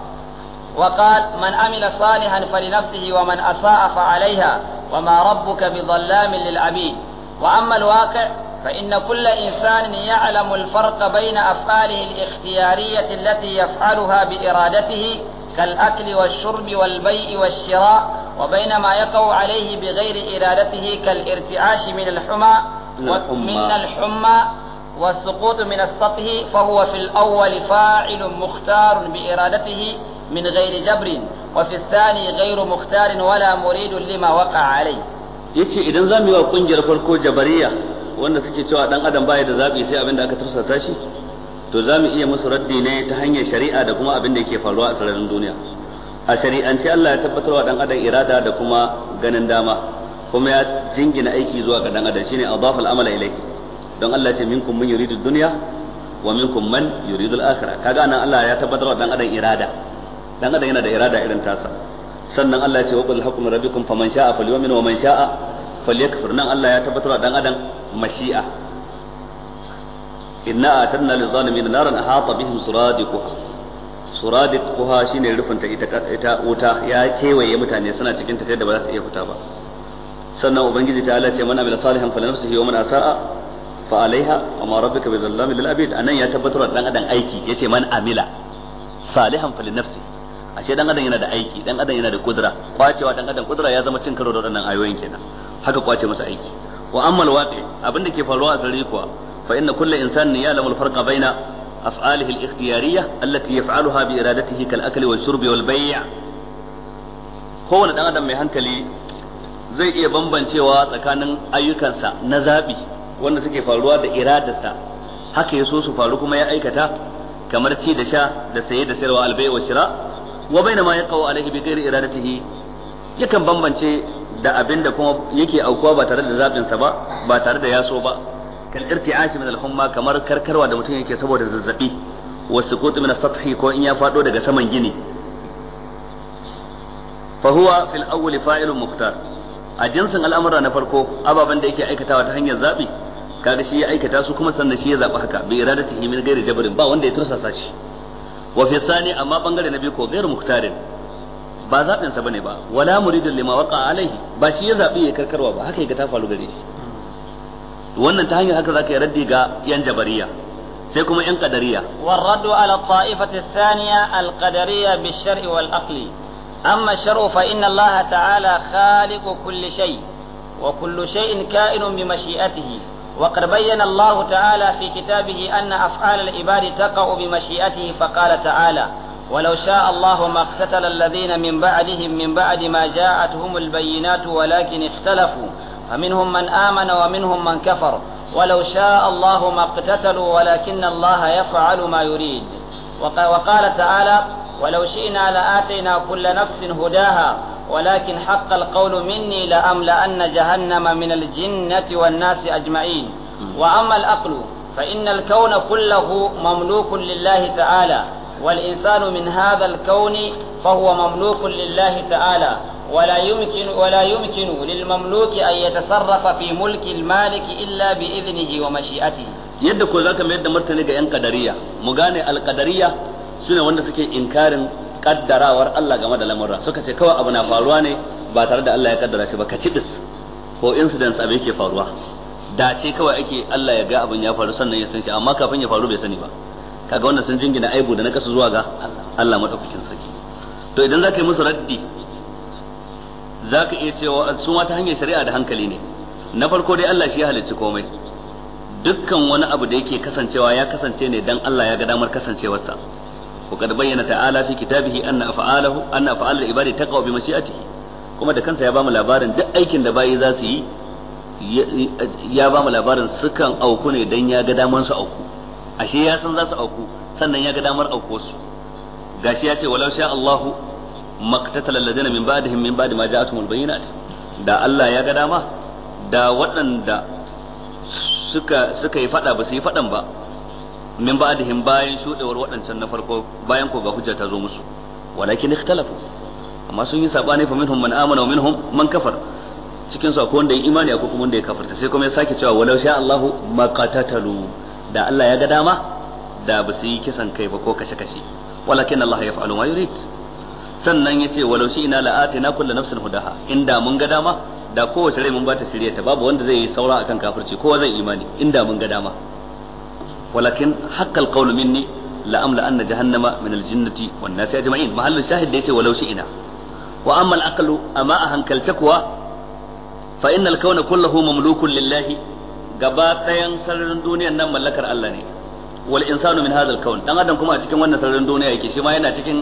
D: وقال من عمل صالحا فلنفسه ومن أساء فعليها وما ربك بظلام للعبيد وأما الواقع فإن كل إنسان يعلم الفرق بين أفعاله الاختيارية التي يفعلها بإرادته كالأكل والشرب والبيع والشراء وبين ما يقع عليه بغير إرادته كالارتعاش من الحمى من الحمى والسقوط من السطح فهو في الأول فاعل مختار بإرادته من غير جبر وفي الثاني غير مختار ولا مريد لما وقع عليه
C: yace idan zamu yi wa kungiyar farko jabariya wanda suke cewa dan adam baya da zabi sai abinda aka tursasa shi to zamu iya musu raddi ne ta hanyar shari'a da kuma abin da yake faruwa a sararin duniya a shari'ance Allah ya tabbatar wa dan adam irada da kuma ganin dama kuma ya jingina aiki zuwa ga dan adam shine adafa al-amala ilayhi don Allah ya ce minkum man yuridu dunya wa minkum man yuridu al-akhirah kaga nan Allah ya tabbatar wa dan adam irada dan adam yana da irada irin tasa sannan Allah ya ce wa qul hakum rabbikum faman sha'a falyu'min wa man sha'a falyakfur nan Allah ya tabbatar dan adam mashi'a inna atanna lil zalimin naran ahata bihim suradiquha suradiquha shine rufinta ita ita wuta ya kewaye mutane suna cikin ta yadda ba za su iya fita ba sannan ubangiji ta Allah ce man amila salihan falinafsihi wa man asaa fa alaiha amma rabbika bi dhallamin lil abid anan ya tabbatar dan adam aiki yace man amila salihan falinafsihi ashe dan adam yana da aiki dan adam yana da kudura kwacewa dan adam kudura ya zama cin karo da wadannan ayoyin kenan haka kwace masa aiki wa ammal waqi abinda ke faruwa a sarari kuwa fa inna kullu insanin ya'lamu al-farqa baina af'alihi al ya allati yaf'aluha bi iradatihi kal akli wal shurbi wal bay' kowane dan adam mai hankali zai iya bambancewa tsakanin ayyukansa na zabi wanda suke faruwa da iradarsa haka ya so su faru kuma ya aikata kamar ci da sha da saye da sayarwa albai wa shira wa baina ma yaqau alaihi bi ghairi iradatihi yakan bambance da abinda kuma yake aukuwa ba tare da zabin sa ba ba tare da yaso ba kal irti'ashi min al-humma kamar karkarwa da mutum yake saboda zazzabi wa sukutu min as-sathi ko in ya fado daga saman gini fa huwa fil awwal fa'ilun muqtar a jinsin al'amura na farko ababen da yake aikatawa ta hanyar zabi kaga shi ya aikata su kuma sannan shi ya zaba haka bi iradatihi min ghairi jabrin ba wanda ya tursasa shi wa sani amma bangare na biyu ko gayar muhtarin ba zaɓin sa bane ba wala muridin lima waqa alaihi ba shi ya zaɓi ya karkarwa ba haka ya ta faru gare shi wannan ta hanyar haka zaka yi raddi ga yan jabariya sai kuma yan qadariya
D: warradu ala ta'ifati thaniya al qadariya bi shar'i wal aqli amma shar'u fa inna Allah ta'ala khaliqu kulli shay wa kullu shay'in ka'inun bi mashi'atihi وقد بين الله تعالى في كتابه أن أفعال العباد تقع بمشيئته فقال تعالى ولو شاء الله ما اقتتل الذين من بعدهم من بعد ما جاءتهم البينات ولكن اختلفوا فمنهم من آمن ومنهم من كفر ولو شاء الله ما اقتتلوا ولكن الله يفعل ما يريد وقال تعالى ولو شئنا لآتينا كل نفس هداها ولكن حق القول مني لأملأن جهنم من الجنة والناس أجمعين وأما الأقل فإن الكون كله مملوك لله تعالى والإنسان من هذا الكون فهو مملوك لله تعالى ولا يمكن ولا يمكن للمملوك أن يتصرف في ملك المالك إلا بإذنه ومشيئته yadda ذاك zaka mayar da martani ga 'yan kadariya
C: sune wanda suke inkarin kaddarawar Allah game da lamurra suka ce kawai abu na faruwa ne ba tare da Allah ya kaddara shi ba ka cidis ko incidents abin yake faruwa da ce kawai ake Allah ya ga abin ya faru sannan ya san shi amma kafin ya faru bai sani ba kaga wannan sun jingina aibu da na kasu zuwa ga Allah madaukakin sarki to idan zaka yi musu raddi zaka iya cewa su ma ta hanyar shari'a da hankali ne na farko dai Allah shi ya halicci komai dukkan wani abu da yake kasancewa ya kasance ne dan Allah ya ga damar kasancewarsa وقد بين تعالى في كتابه أن أفعاله أن أفعال العباد تقع بمشيئته كما ده كانت يا بام لبارن duk aikin da bayi za su yi ya ba mu labarin sukan auku ne dan ya ga daman su auku ashe ya san za su auku sannan ya ga damar auku su gashi ya ce walau sha Allahu maqtatala alladhina min ba'dihim min ba'di ma ja'atuhumul bayyinat da Allah ya ga dama da waɗanda suka yi faɗa ba su yi faɗan ba min da bayan shuɗewar waɗancan na farko bayan ko ga hujja ta zo musu walakin ikhtalafu amma sun yi sabani fa minhum man amana wa minhum man kafar cikin su akwai wanda ya imani akwai kuma wanda ya kafarta sai kuma ya sake cewa walau sha Allahu qatatalu da Allah ya ga dama da ba su yi kisan kai ba ko kashe kashe walakin Allah ya fa'alu ma yurid sannan yace walau shi ina na kullu nafsin hudaha inda mun ga dama da kowace rai mun ba ta shirye ta babu wanda zai yi saura akan kafirci kowa zai imani inda mun ga dama walakin haqqal qawlu minni la amla anna jahannama min aljinnati wan nasi ajma'in mahallu shahid da yace walau ina wa amma amma a hankalce kuwa fa innal kauna kulluhu mamlukun lillahi gaba ɗayan sararin duniyar nan mallakar Allah ne wal insanu min hadha al-kawn dan adam kuma a cikin wannan sararin duniya ma yana cikin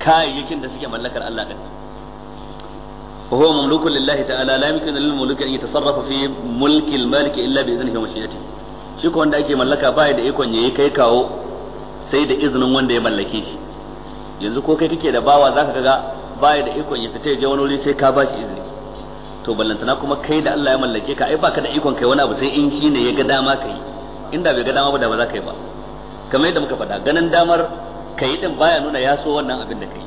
C: kayayyakin da suke mallakar Allah din وهو مملوك لله تعالى لا يمكن للمملوك أن يتصرف في ملك المالك إلا بإذنه ومشيئته shi ko wanda ake mallaka baya da ikon yayi kai kawo sai da izinin wanda ya mallake shi yanzu ko kai kake da bawa zaka kaga baya da ikon ya fita je wani wuri sai ka ba bashi izini to ballantana kuma kai da Allah ya mallake ka ai baka da ikon kai wani abu sai in shi ne ya ga dama kai inda bai ga dama ba da ba za ka yi ba kamar yadda muka faɗa ganin damar kai din baya nuna ya wannan abin da kai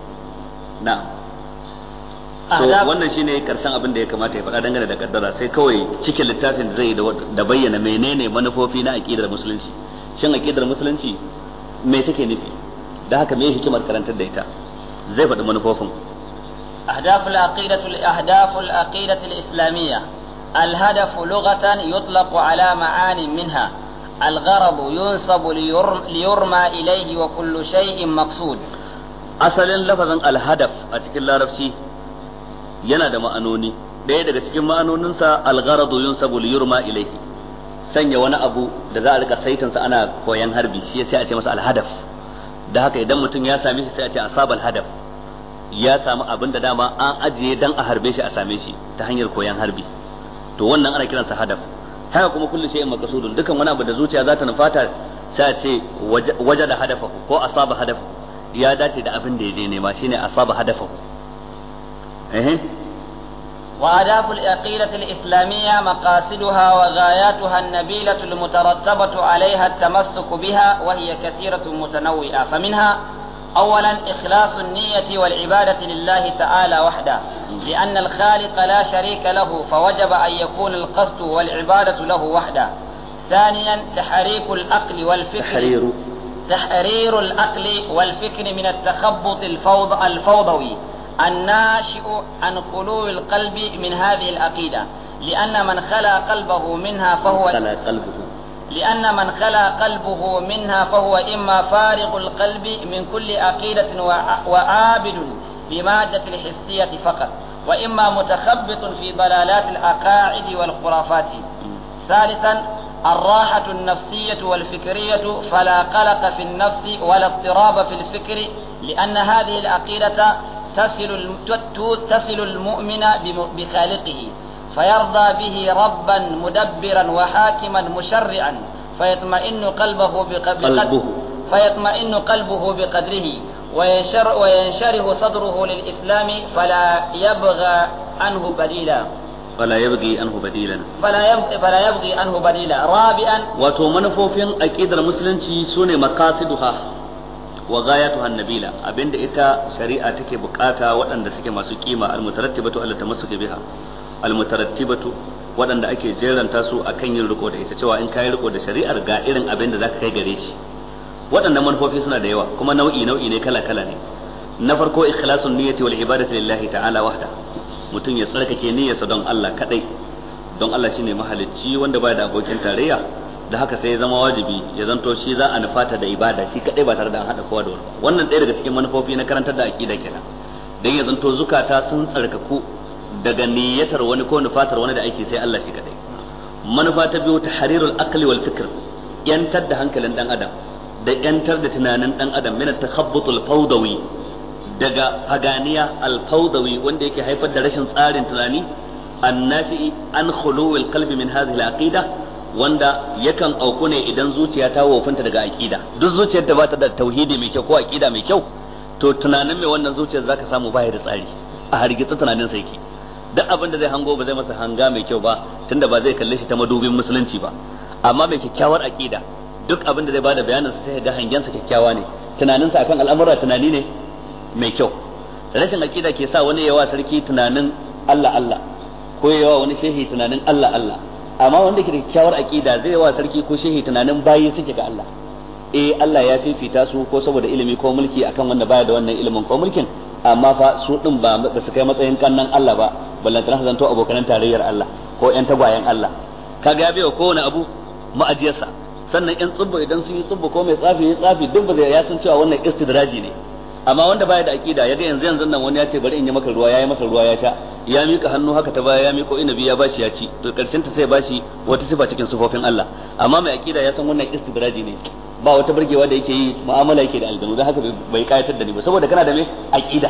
C: na'am
B: so wannan
C: shine karshen abin da ya kamata ya faɗa dangane da kaddara sai kawai cikin littafin zai da bayyana menene manufofi na aqidar musulunci shin aqidar musulunci me take nufi da haka me hikimar karantar da ita zai faɗi manufofin
B: أهداف
D: العقيدة أهداف العقيدة الإسلامية الهدف لغة يطلق على معان منها الغرض ينسب ليرمى إليه وكل شيء مقصود
C: أصلا لفظا الهدف أتكلم larabci. yana da ma'anoni ɗaya daga cikin ma'anoninsa algharadu saboda li yurma ilayhi sanya wani abu da za a rika saitansa ana koyan harbi shi sai a ce masa alhadaf da haka idan mutum ya same shi sai a ce hadaf ya samu abin da dama an ajiye dan a harbe shi a same shi ta hanyar koyan harbi to wannan ana kiransa hadaf haka kuma kullu shay'in maqsudun dukan wani abu da zuciya za ta nufata sai a ce waje da hadafa ko asaba hadaf ya dace da abin da ya je nema shine asaba hadafa
A: eh
D: وآداب الأقيلة الإسلامية مقاصدها وغاياتها النبيلة المترتبة عليها التمسك بها وهي كثيرة متنوعة فمنها أولا إخلاص النية والعبادة لله تعالى وحده لأن الخالق لا شريك له فوجب أن يكون القصد والعبادة له وحده ثانيا تحريك الأقل والفكر تحرير تحرير الأقل والفكر من التخبط الفوض الفوضوي الناشئ عن قلوب القلب من هذه العقيدة لأن من خلا قلبه منها فهو خلا قلبه لأن من خلا قلبه منها فهو إما فارغ القلب من كل عقيدة وعابد بمادة الحسية فقط وإما متخبط في ضلالات الأقاعد والخرافات ثالثا الراحة النفسية والفكرية فلا قلق في النفس ولا اضطراب في الفكر لأن هذه العقيدة تصل تصل المؤمن بخالقه فيرضى به ربا مدبرا وحاكما مشرعا فيطمئن قلبه بقدره فيطمئن قلبه بقدره وينشر وينشره صدره للإسلام فلا يبغى عنه بديلا
C: فلا يبغي عنه بديلا
D: فلا يبغي فلا يبغي عنه بديلا رابعا
C: وتمنفوفين أكيد المسلمين سوني مقاصدها wa ghayatuha nabila abinda ita shari'a take bukata waɗanda suke masu kima almutaratibatu ala tamassuki biha waɗanda ake jeranta su akan yin riko da ita cewa in kai riko da shari'ar ga irin abinda da zaka kai gare shi waɗannan manufofi suna da yawa kuma nau'i nau'i ne kala kala ne na farko ikhlasun niyyati wal ibadatu lillahi ta'ala wahda mutum ya tsarkake niyyarsa don Allah kadai don Allah shine mahalicci wanda baya da abokin tarayya da haka sai ya zama wajibi ya zanto shi za a nufata da ibada shi kadai ba tare da an hada kowa da wani wannan ɗaya daga cikin manufofi na karantar da aqida kenan dan ya zanto zukata sun tsarkaku daga niyyatar wani ko nufatar wani da aiki sai Allah shi kadai manufa ta biyu tahrirul aqli wal fikr yantar da hankalin dan adam da yantar da tunanin dan adam min takhabbutul fawdawi daga haganiya al fawdawi wanda yake haifar da rashin tsarin tunani annasi an khuluwil qalbi min hadhihi al aqida wanda yakan auku ne idan zuciya ta wofinta daga aqida duk zuciyar da ba ta da tauhidi mai kyau ko aqida mai kyau to tunanin mai wannan zuciyar zaka samu baya da tsari a hargitsa tunanin sa yake duk abin da zai hango ba zai masa hanga mai kyau ba tunda ba zai kalle shi ta madubin musulunci ba amma mai kyakkyawar aqida duk abin da zai bada bayanin sa sai ga hangen sa kyakkyawa ne tunanin sa akan al'amura tunani ne mai kyau rashin aqida ke sa wani yawa sarki tunanin Allah Allah ko yawa wani shehi tunanin Allah Allah amma wanda ke da kyakkyawar aqida zai yi wa sarki ko shehi tunanin bayi suke ga Allah eh Allah ya fifita su ko saboda ilimi ko mulki akan wanda baya da wannan ilimin ko mulkin amma fa su din ba ba su kai matsayin kannan Allah ba ballantana su zanto abokan tarayyar Allah ko ƴan tagwayen Allah kaga ya biyo kowane abu ma'ajiyarsa sannan ƴan tsubbo idan sun yi tsubbo ko mai tsafi ya tsafi duk ba ya san cewa wannan istidraji ne amma wanda baya da akida yaga yanzu yanzu nan wani ya ce bari in yi maka ruwa yayi masa ruwa ya sha ya mika hannu haka ta baya ya miko inabi ya bashi ya ci to karshen ta sai bashi wata sifa cikin sufofin Allah amma mai aqida ya san wannan istibraji ne ba wata burgewa da yake yi mu'amala yake da aljanu dan haka bai kayatar da ni ba saboda kana da me aqida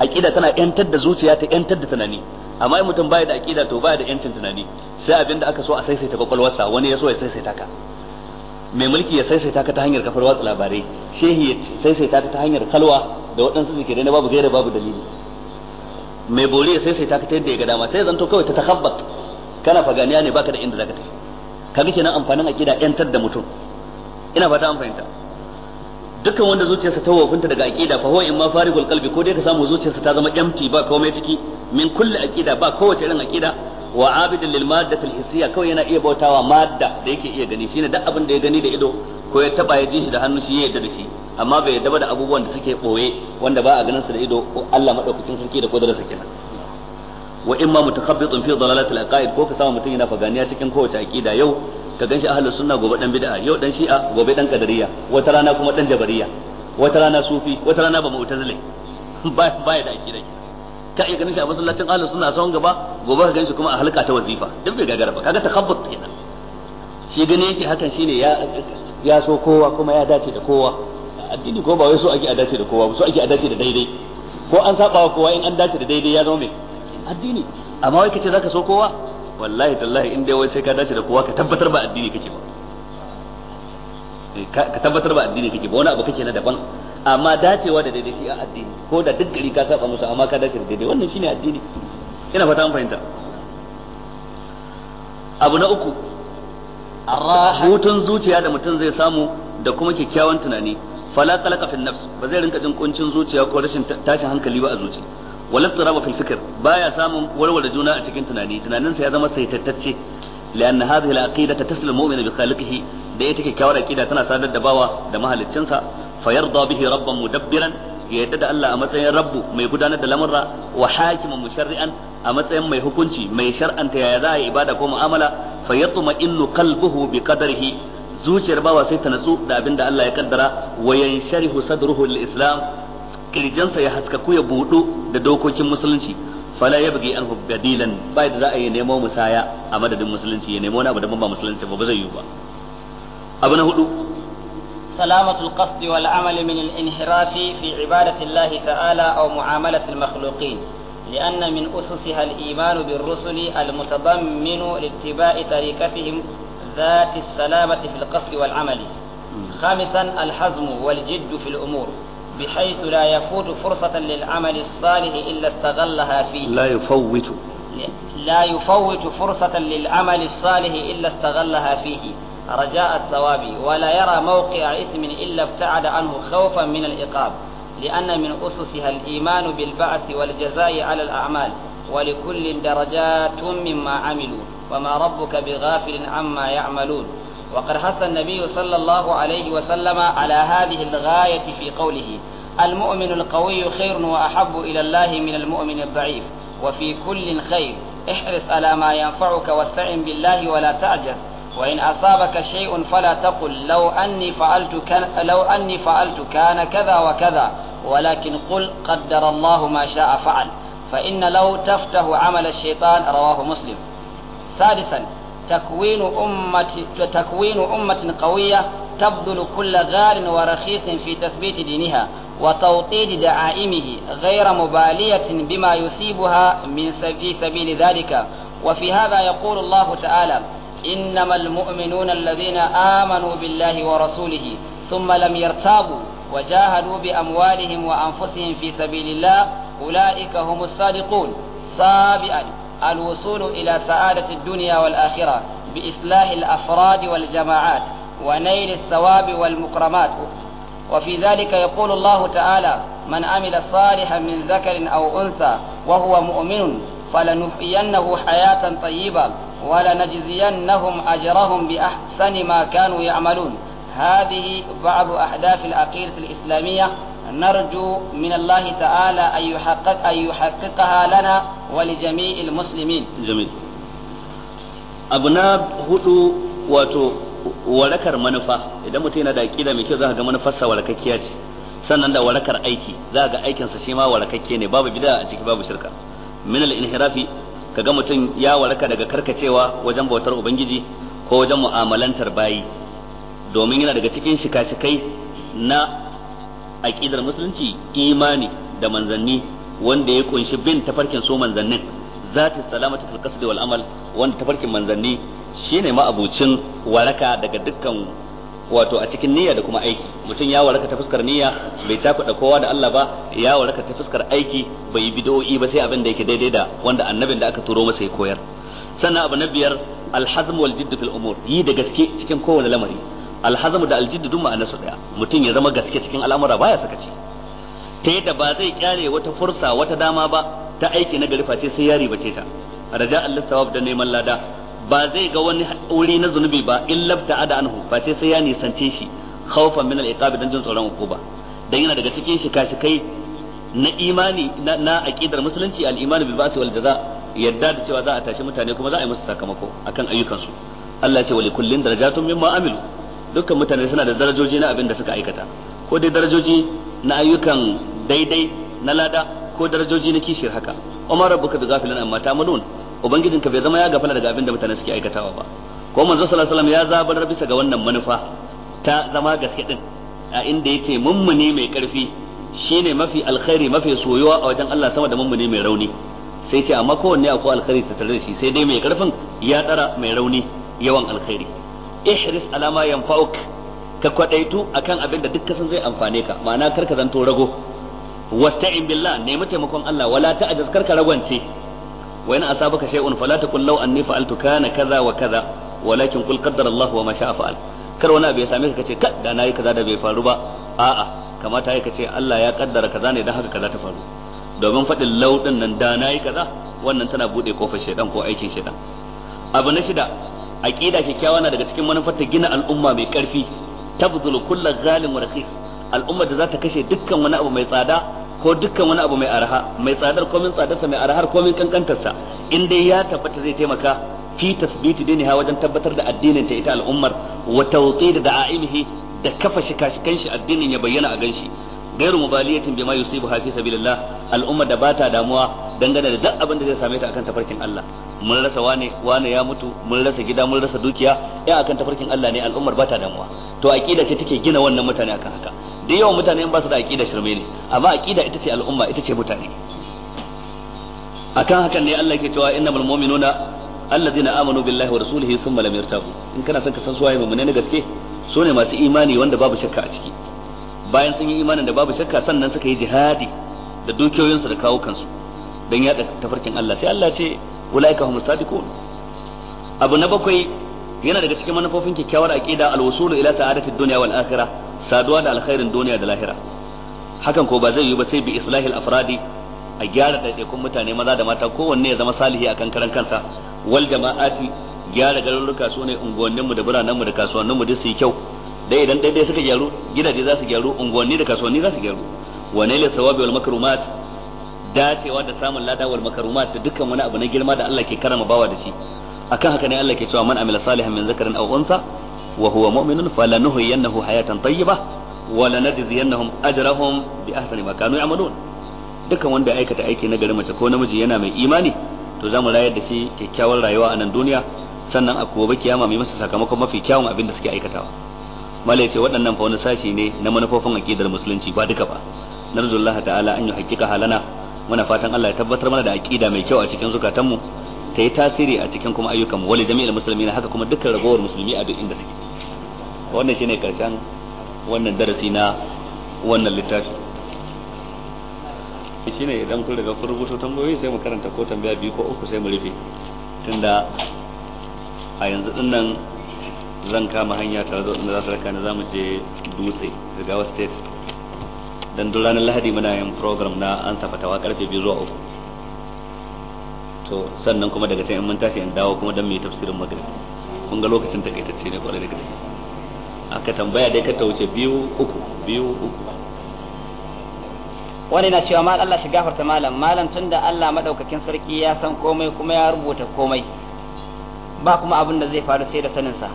C: aqida tana yantar da zuciya ta yantar da tunani amma in mutum baya da akida to baya da yancin tunani sai abinda aka so a saisaita kwakwalwarsa wani ya so ya saisaita ka mai mulki ya saisaita ka ta hanyar kafar watsa labarai shehi ya saisaita ka ta hanyar kalwa da waɗansu zikirai na babu gaira babu dalili mai bore ya saisaita ka ta yadda ya ga dama sai zanto kawai ta takabbat kana faganiya ne baka da inda zaka tafi kaga kenan amfanin aqida yantar da mutum ina fata an fahimta dukkan wanda zuciyarsa ta wofinta daga aqida fa huwa imma farigul qalbi ko dai ka samu zuciyarsa ta zama empty ba komai ciki min kulli aqida ba kowace irin aqida wa abidin lil maddati al hissiya kawai yana iya bautawa madda da yake iya gani shine duk abin da ya gani da ido ko ya taba ya ji shi da hannu shi ya yadda da shi amma bai yadda da abubuwan da suke boye wanda ba a ganin su da ido ko Allah madaukakin sarki da kudararsa kenan wa imma mutakhabbitun fi dalalatil aqaid ko ka samu mutum yana faganiya cikin kowace aqida yau ka ganshi ahlus sunna gobe dan bid'a yau dan shi'a gobe dan qadariyya wata rana kuma dan jabariya wata rana sufi wata rana ba mu'tazili ba ba da aqida ka iya ganin shi a masallacin ahlus sunna a gaba gobe ka ganshi kuma a halka ta wazifa duk bai gagara ba kaga takabbur kenan shi gane yake hakan shine ya ya so kowa kuma ya dace da kowa addini ko ba wai so ake a dace da kowa ba so ake a dace da daidai ko an saba wa kowa in an dace da daidai ya zama mai addini amma wai kace zaka so kowa wallahi tallahi in dai wai sai ka dace da kowa ka tabbatar ba addini kake ba eh, ka tabbatar ba addini kake ba wani abu kake na daban amma dacewa da daidai shi a addini ko da duk gari ka saba musu amma ka dace da daidai wannan shine addini ina fata an fahimta abu na uku hutun zuciya da mutum zai samu da kuma kyakkyawan tunani fala talaka fil nafs ba zai rinka jin kuncin zuciya ko rashin tashin hankali ba a zuci wala tsaraba fil fikr baya samun warware juna a cikin tunani tunaninsa ya zama saitatacce لأن هذه العقيدة تسلم المؤمن بخالقه da ita kyakkyawar aqida tana sadar da bawa da mahaliccinsa yarda bihi rabban mudabbiran ya yadda da Allah a matsayin rabbu mai gudanar da lamurra wa hakiman musharri'an a matsayin mai hukunci mai shar'anta yaya za a yi ibada ko mu'amala fayatma innu qalbuhu bi qadarihi zuciyar bawa sai ta natsu da abin da Allah ya kaddara wa yansharihu sadruhu lil islam kirjansa ya haskaku ya budu da dokokin musulunci fala ya bugi an badilan bai da za a yi nemo musaya a madadin musulunci ya nemo wani abu da ba musulunci ba ba zai yi ba
D: abu na hudu سلامة القصد والعمل من الانحراف في عبادة الله تعالى أو معاملة المخلوقين لأن من أسسها الإيمان بالرسل المتضمن لاتباع طريقتهم ذات السلامة في القصد والعمل خامسا الحزم والجد في الأمور بحيث لا يفوت فرصة للعمل الصالح إلا استغلها فيه لا يفوت لا يفوت فرصة للعمل الصالح إلا استغلها فيه رجاء الثواب ولا يرى موقع إثم إلا ابتعد عنه خوفا من العقاب لأن من أسسها الإيمان بالبعث والجزاء على الأعمال ولكل درجات مما عملوا وما ربك بغافل عما يعملون وقد حث النبي صلى الله عليه وسلم على هذه الغاية في قوله المؤمن القوي خير وأحب إلى الله من المؤمن الضعيف وفي كل خير احرص على ما ينفعك واستعن بالله ولا تعجز وإن أصابك شيء فلا تقل لو أني فعلت كان لو أني فعلت كان كذا وكذا ولكن قل قدر الله ما شاء فعل فإن لو تفته عمل الشيطان رواه مسلم ثالثا تكوين أمة تكوين أمة قوية تبذل كل غال ورخيص في تثبيت دينها وتوطيد دعائمه غير مبالية بما يصيبها من في سبيل ذلك وفي هذا يقول الله تعالى إنما المؤمنون الذين آمنوا بالله ورسوله ثم لم يرتابوا وجاهدوا بأموالهم وأنفسهم في سبيل الله أولئك هم الصادقون سابعا الوصول إلى سعادة الدنيا والآخرة بإصلاح الأفراد والجماعات ونيل الثواب والمكرمات وفي ذلك يقول الله تعالى من عمل صالحا من ذكر أو أنثى وهو مؤمن فلنحيينه حياة طيبة ولنجزينهم أجرهم بأحسن ما كانوا يعملون هذه بعض أهداف الأقيلة الإسلامية نرجو من الله تعالى أن, يحقق أن يحققها لنا ولجميع المسلمين
C: جميل أبناء هتو واتو ولكر منفى إذا متينا دا كيدا ميكيو ذاها منفى ولا كيكيات سنن دا ولكر أيكي ذاها أيكي نسشيما ولا كيكيني باب بدا أجيك باب شركة من الانحراف Ka ga mutum ya waraka daga karkacewa wajen bautar ubangiji ko wajen mu'amalantar bayi domin yana daga cikin shika-shikai na aƙidar musulunci imani da manzanni wanda ya kunshi bin tafarkin so manzannin zati salamatu fil qasdi wal amal wanda tafarkin manzanni shine ma'abucin waraka daga dukkan wato a cikin niyya da kuma aiki mutum ya waraka ta fuskar niyya bai takuɗa kowa da Allah ba ya waraka ta fuskar aiki bai bid'o'i ba sai abin da yake daidai da wanda annabin da aka turo masa ya koyar sannan abu na biyar alhazm wal jidd fil umur yi da gaske cikin kowane lamari alhazm da aljiddu duk ma'ana su daya mutum ya zama gaske cikin al'amura baya sakaci ta yadda ba zai kyale wata fursa wata dama ba ta aiki na garifa ce sai ya ribace ta da Allah da neman lada ba zai ga wani wuri na zunubi ba in illa ada anhu ba sai ya nisance shi khawfan min al-iqab dan jin tsoron hukuma dan yana daga cikin kashi kai na imani na aqidar musulunci al-iman bil ba'th wal jaza yadda da cewa za a tashi mutane kuma za a yi musu sakamako akan ayyukansu Allah ya ce wa likullin darajatun mimma amilu dukkan mutane suna da darajoji na abin da suka aikata ko dai darajoji na ayyukan daidai na lada ko darajoji na kishir haka umar rabbuka bi ghafilan amma ta'malun ka bai zama ya gafala daga abin da mutane suke aikatawa ba ko manzo sallallahu alaihi ya zabar bisa ga wannan manufa ta zama gaske din a inda yace mummuni mai karfi shine mafi alkhairi mafi soyuwa a wajen Allah sama da mummune mai rauni sai ce amma kowanne akwai alkhairi ta tare da shi sai dai mai karfin ya tsara mai rauni yawan alkhairi ihris alama yanfa'uk ka kwadaitu akan abin da dukkan sun zai amfane ka ma'ana karka zanto rago wasta'in billah nemi taimakon Allah wala ta'ajiz kar ka ragwance wa in asabaka shay'un fala taqul law anni fa'altu kana kaza wa kaza walakin qul qaddara Allah wa ma sha'a fa'al kar wani abu ya same ka kace kad da nayi kaza da bai faru ba a'a kamata ya kace Allah ya kaddara kaza ne dan haka kaza ta faru domin fadin law din nan da nayi kaza wannan tana bude kofar shedan ko aikin shedan abu na shida aqida kyakkyawa na daga cikin manufar gina al'umma mai karfi tabdhulu kullu ghalim wa rakhis al'ummar da za ta kashe dukkan wani abu mai tsada ko dukkan wani abu mai arha mai tsadar ko min tsadarsa mai arhar ko min kankantarsa in dai ya tabbata zai taimaka fi tasbiti diniha wajen tabbatar da addinin ta ita al'ummar wa tawqid da da'aimihi da kafa shikashikan shi addinin ya bayyana a ganshi gairu mubaliyatin bima yusibu hafi sabilillah al'umma da bata damuwa dangane da duk abin da zai same ta akan tafarkin Allah mun rasa wane wane ya mutu mun rasa gida mun rasa dukiya ya akan tafarkin Allah ne al'ummar bata damuwa to aqida ce take gina wannan mutane akan haka da yawan mutane ba su da aqida shirme ne amma aqida ita ce al'umma ita ce mutane akan hakan ne Allah yake cewa innamal mu'minuna alladhina amanu billahi wa rasulihi thumma lam yartabu in kana son ka san suwaye mu'mini na gaske sune masu imani wanda babu shakka a ciki bayan sun yi imanin da babu shakka sannan suka yi jihadi da dukiyoyinsu da kawo kansu don yaɗa tafarkin Allah sai Allah ce wala'ika hum sadiqun abu na bakwai yana daga cikin manufofin kyakkyawar aqida alwusulu ila sa'adatid dunya wal akhirah saduwa da alkhairin duniya da lahira hakan ko ba zai yi ba sai bi islahil afradi a gyara ɗaiɗaikun mutane maza da mata kowanne ya zama salihi akan karan kansa wal jama'ati gyara garuruka su ne unguwanninmu da biranenmu da kasuwanninmu duk su yi kyau dai idan daidai suka gyaru gidaje za su gyaru unguwanni da kasuwanni za su gyaru wa ne thawabi wal makrumat dacewa da samun lada wal makrumat da dukkan wani abu na girma da Allah ke karama bawa da shi akan haka ne Allah ke cewa man amila salihan min zakarin aw unsa wa huwa mu'minun falanuhyiyannahu hayatan tayyibah wa lanajziyannahum ajrahum bi ahsani ma kanu ya'malun dukkan wanda ya aikata aiki na gari mace ko namiji yana mai imani to za mu rayar da shi kyakkyawar rayuwa a nan duniya sannan a kuwa kiyama mai masa sakamakon mafi kyawun abin da suke aikatawa malai ce waɗannan fa wani sashi ne na manufofin aqidar musulunci ba duka ba narjullaha ta'ala an hakika halana muna fatan Allah ya tabbatar mana da aqida mai kyau a cikin zukatanmu ta yi tasiri a cikin kuma ayyukan mu wali jami'il muslimin haka kuma dukkan ragowar musulmi a duk inda take wannan shine karshen wannan darasi na wannan littafi shine idan kun riga kun rubuta tambayoyi sai mu karanta ko tambaya biyu ko uku sai mu rufe tunda a yanzu din nan zan kama hanya tare da wanda za su raka ni za mu je dutse jigawa state dan duk ranar lahadi muna yin program na an safatawa karfe biyu zuwa uku to sannan kuma daga can in mun tashi in dawo kuma dan mai tafsirin magana kun ga lokacin takaitacce ne kwarai da gaske aka tambaya dai ka wuce biyu uku biyu uku
D: wani na cewa ma Allah shi gafarta malam malam tunda Allah madaukakin sarki ya san komai kuma ya rubuta komai ba kuma abin da zai faru sai da saninsa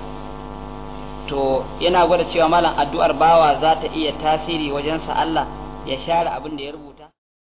D: to yana gwada cewa malam addu'ar bawa za ta iya tasiri wajen sa Allah ya share abin da ya rubuta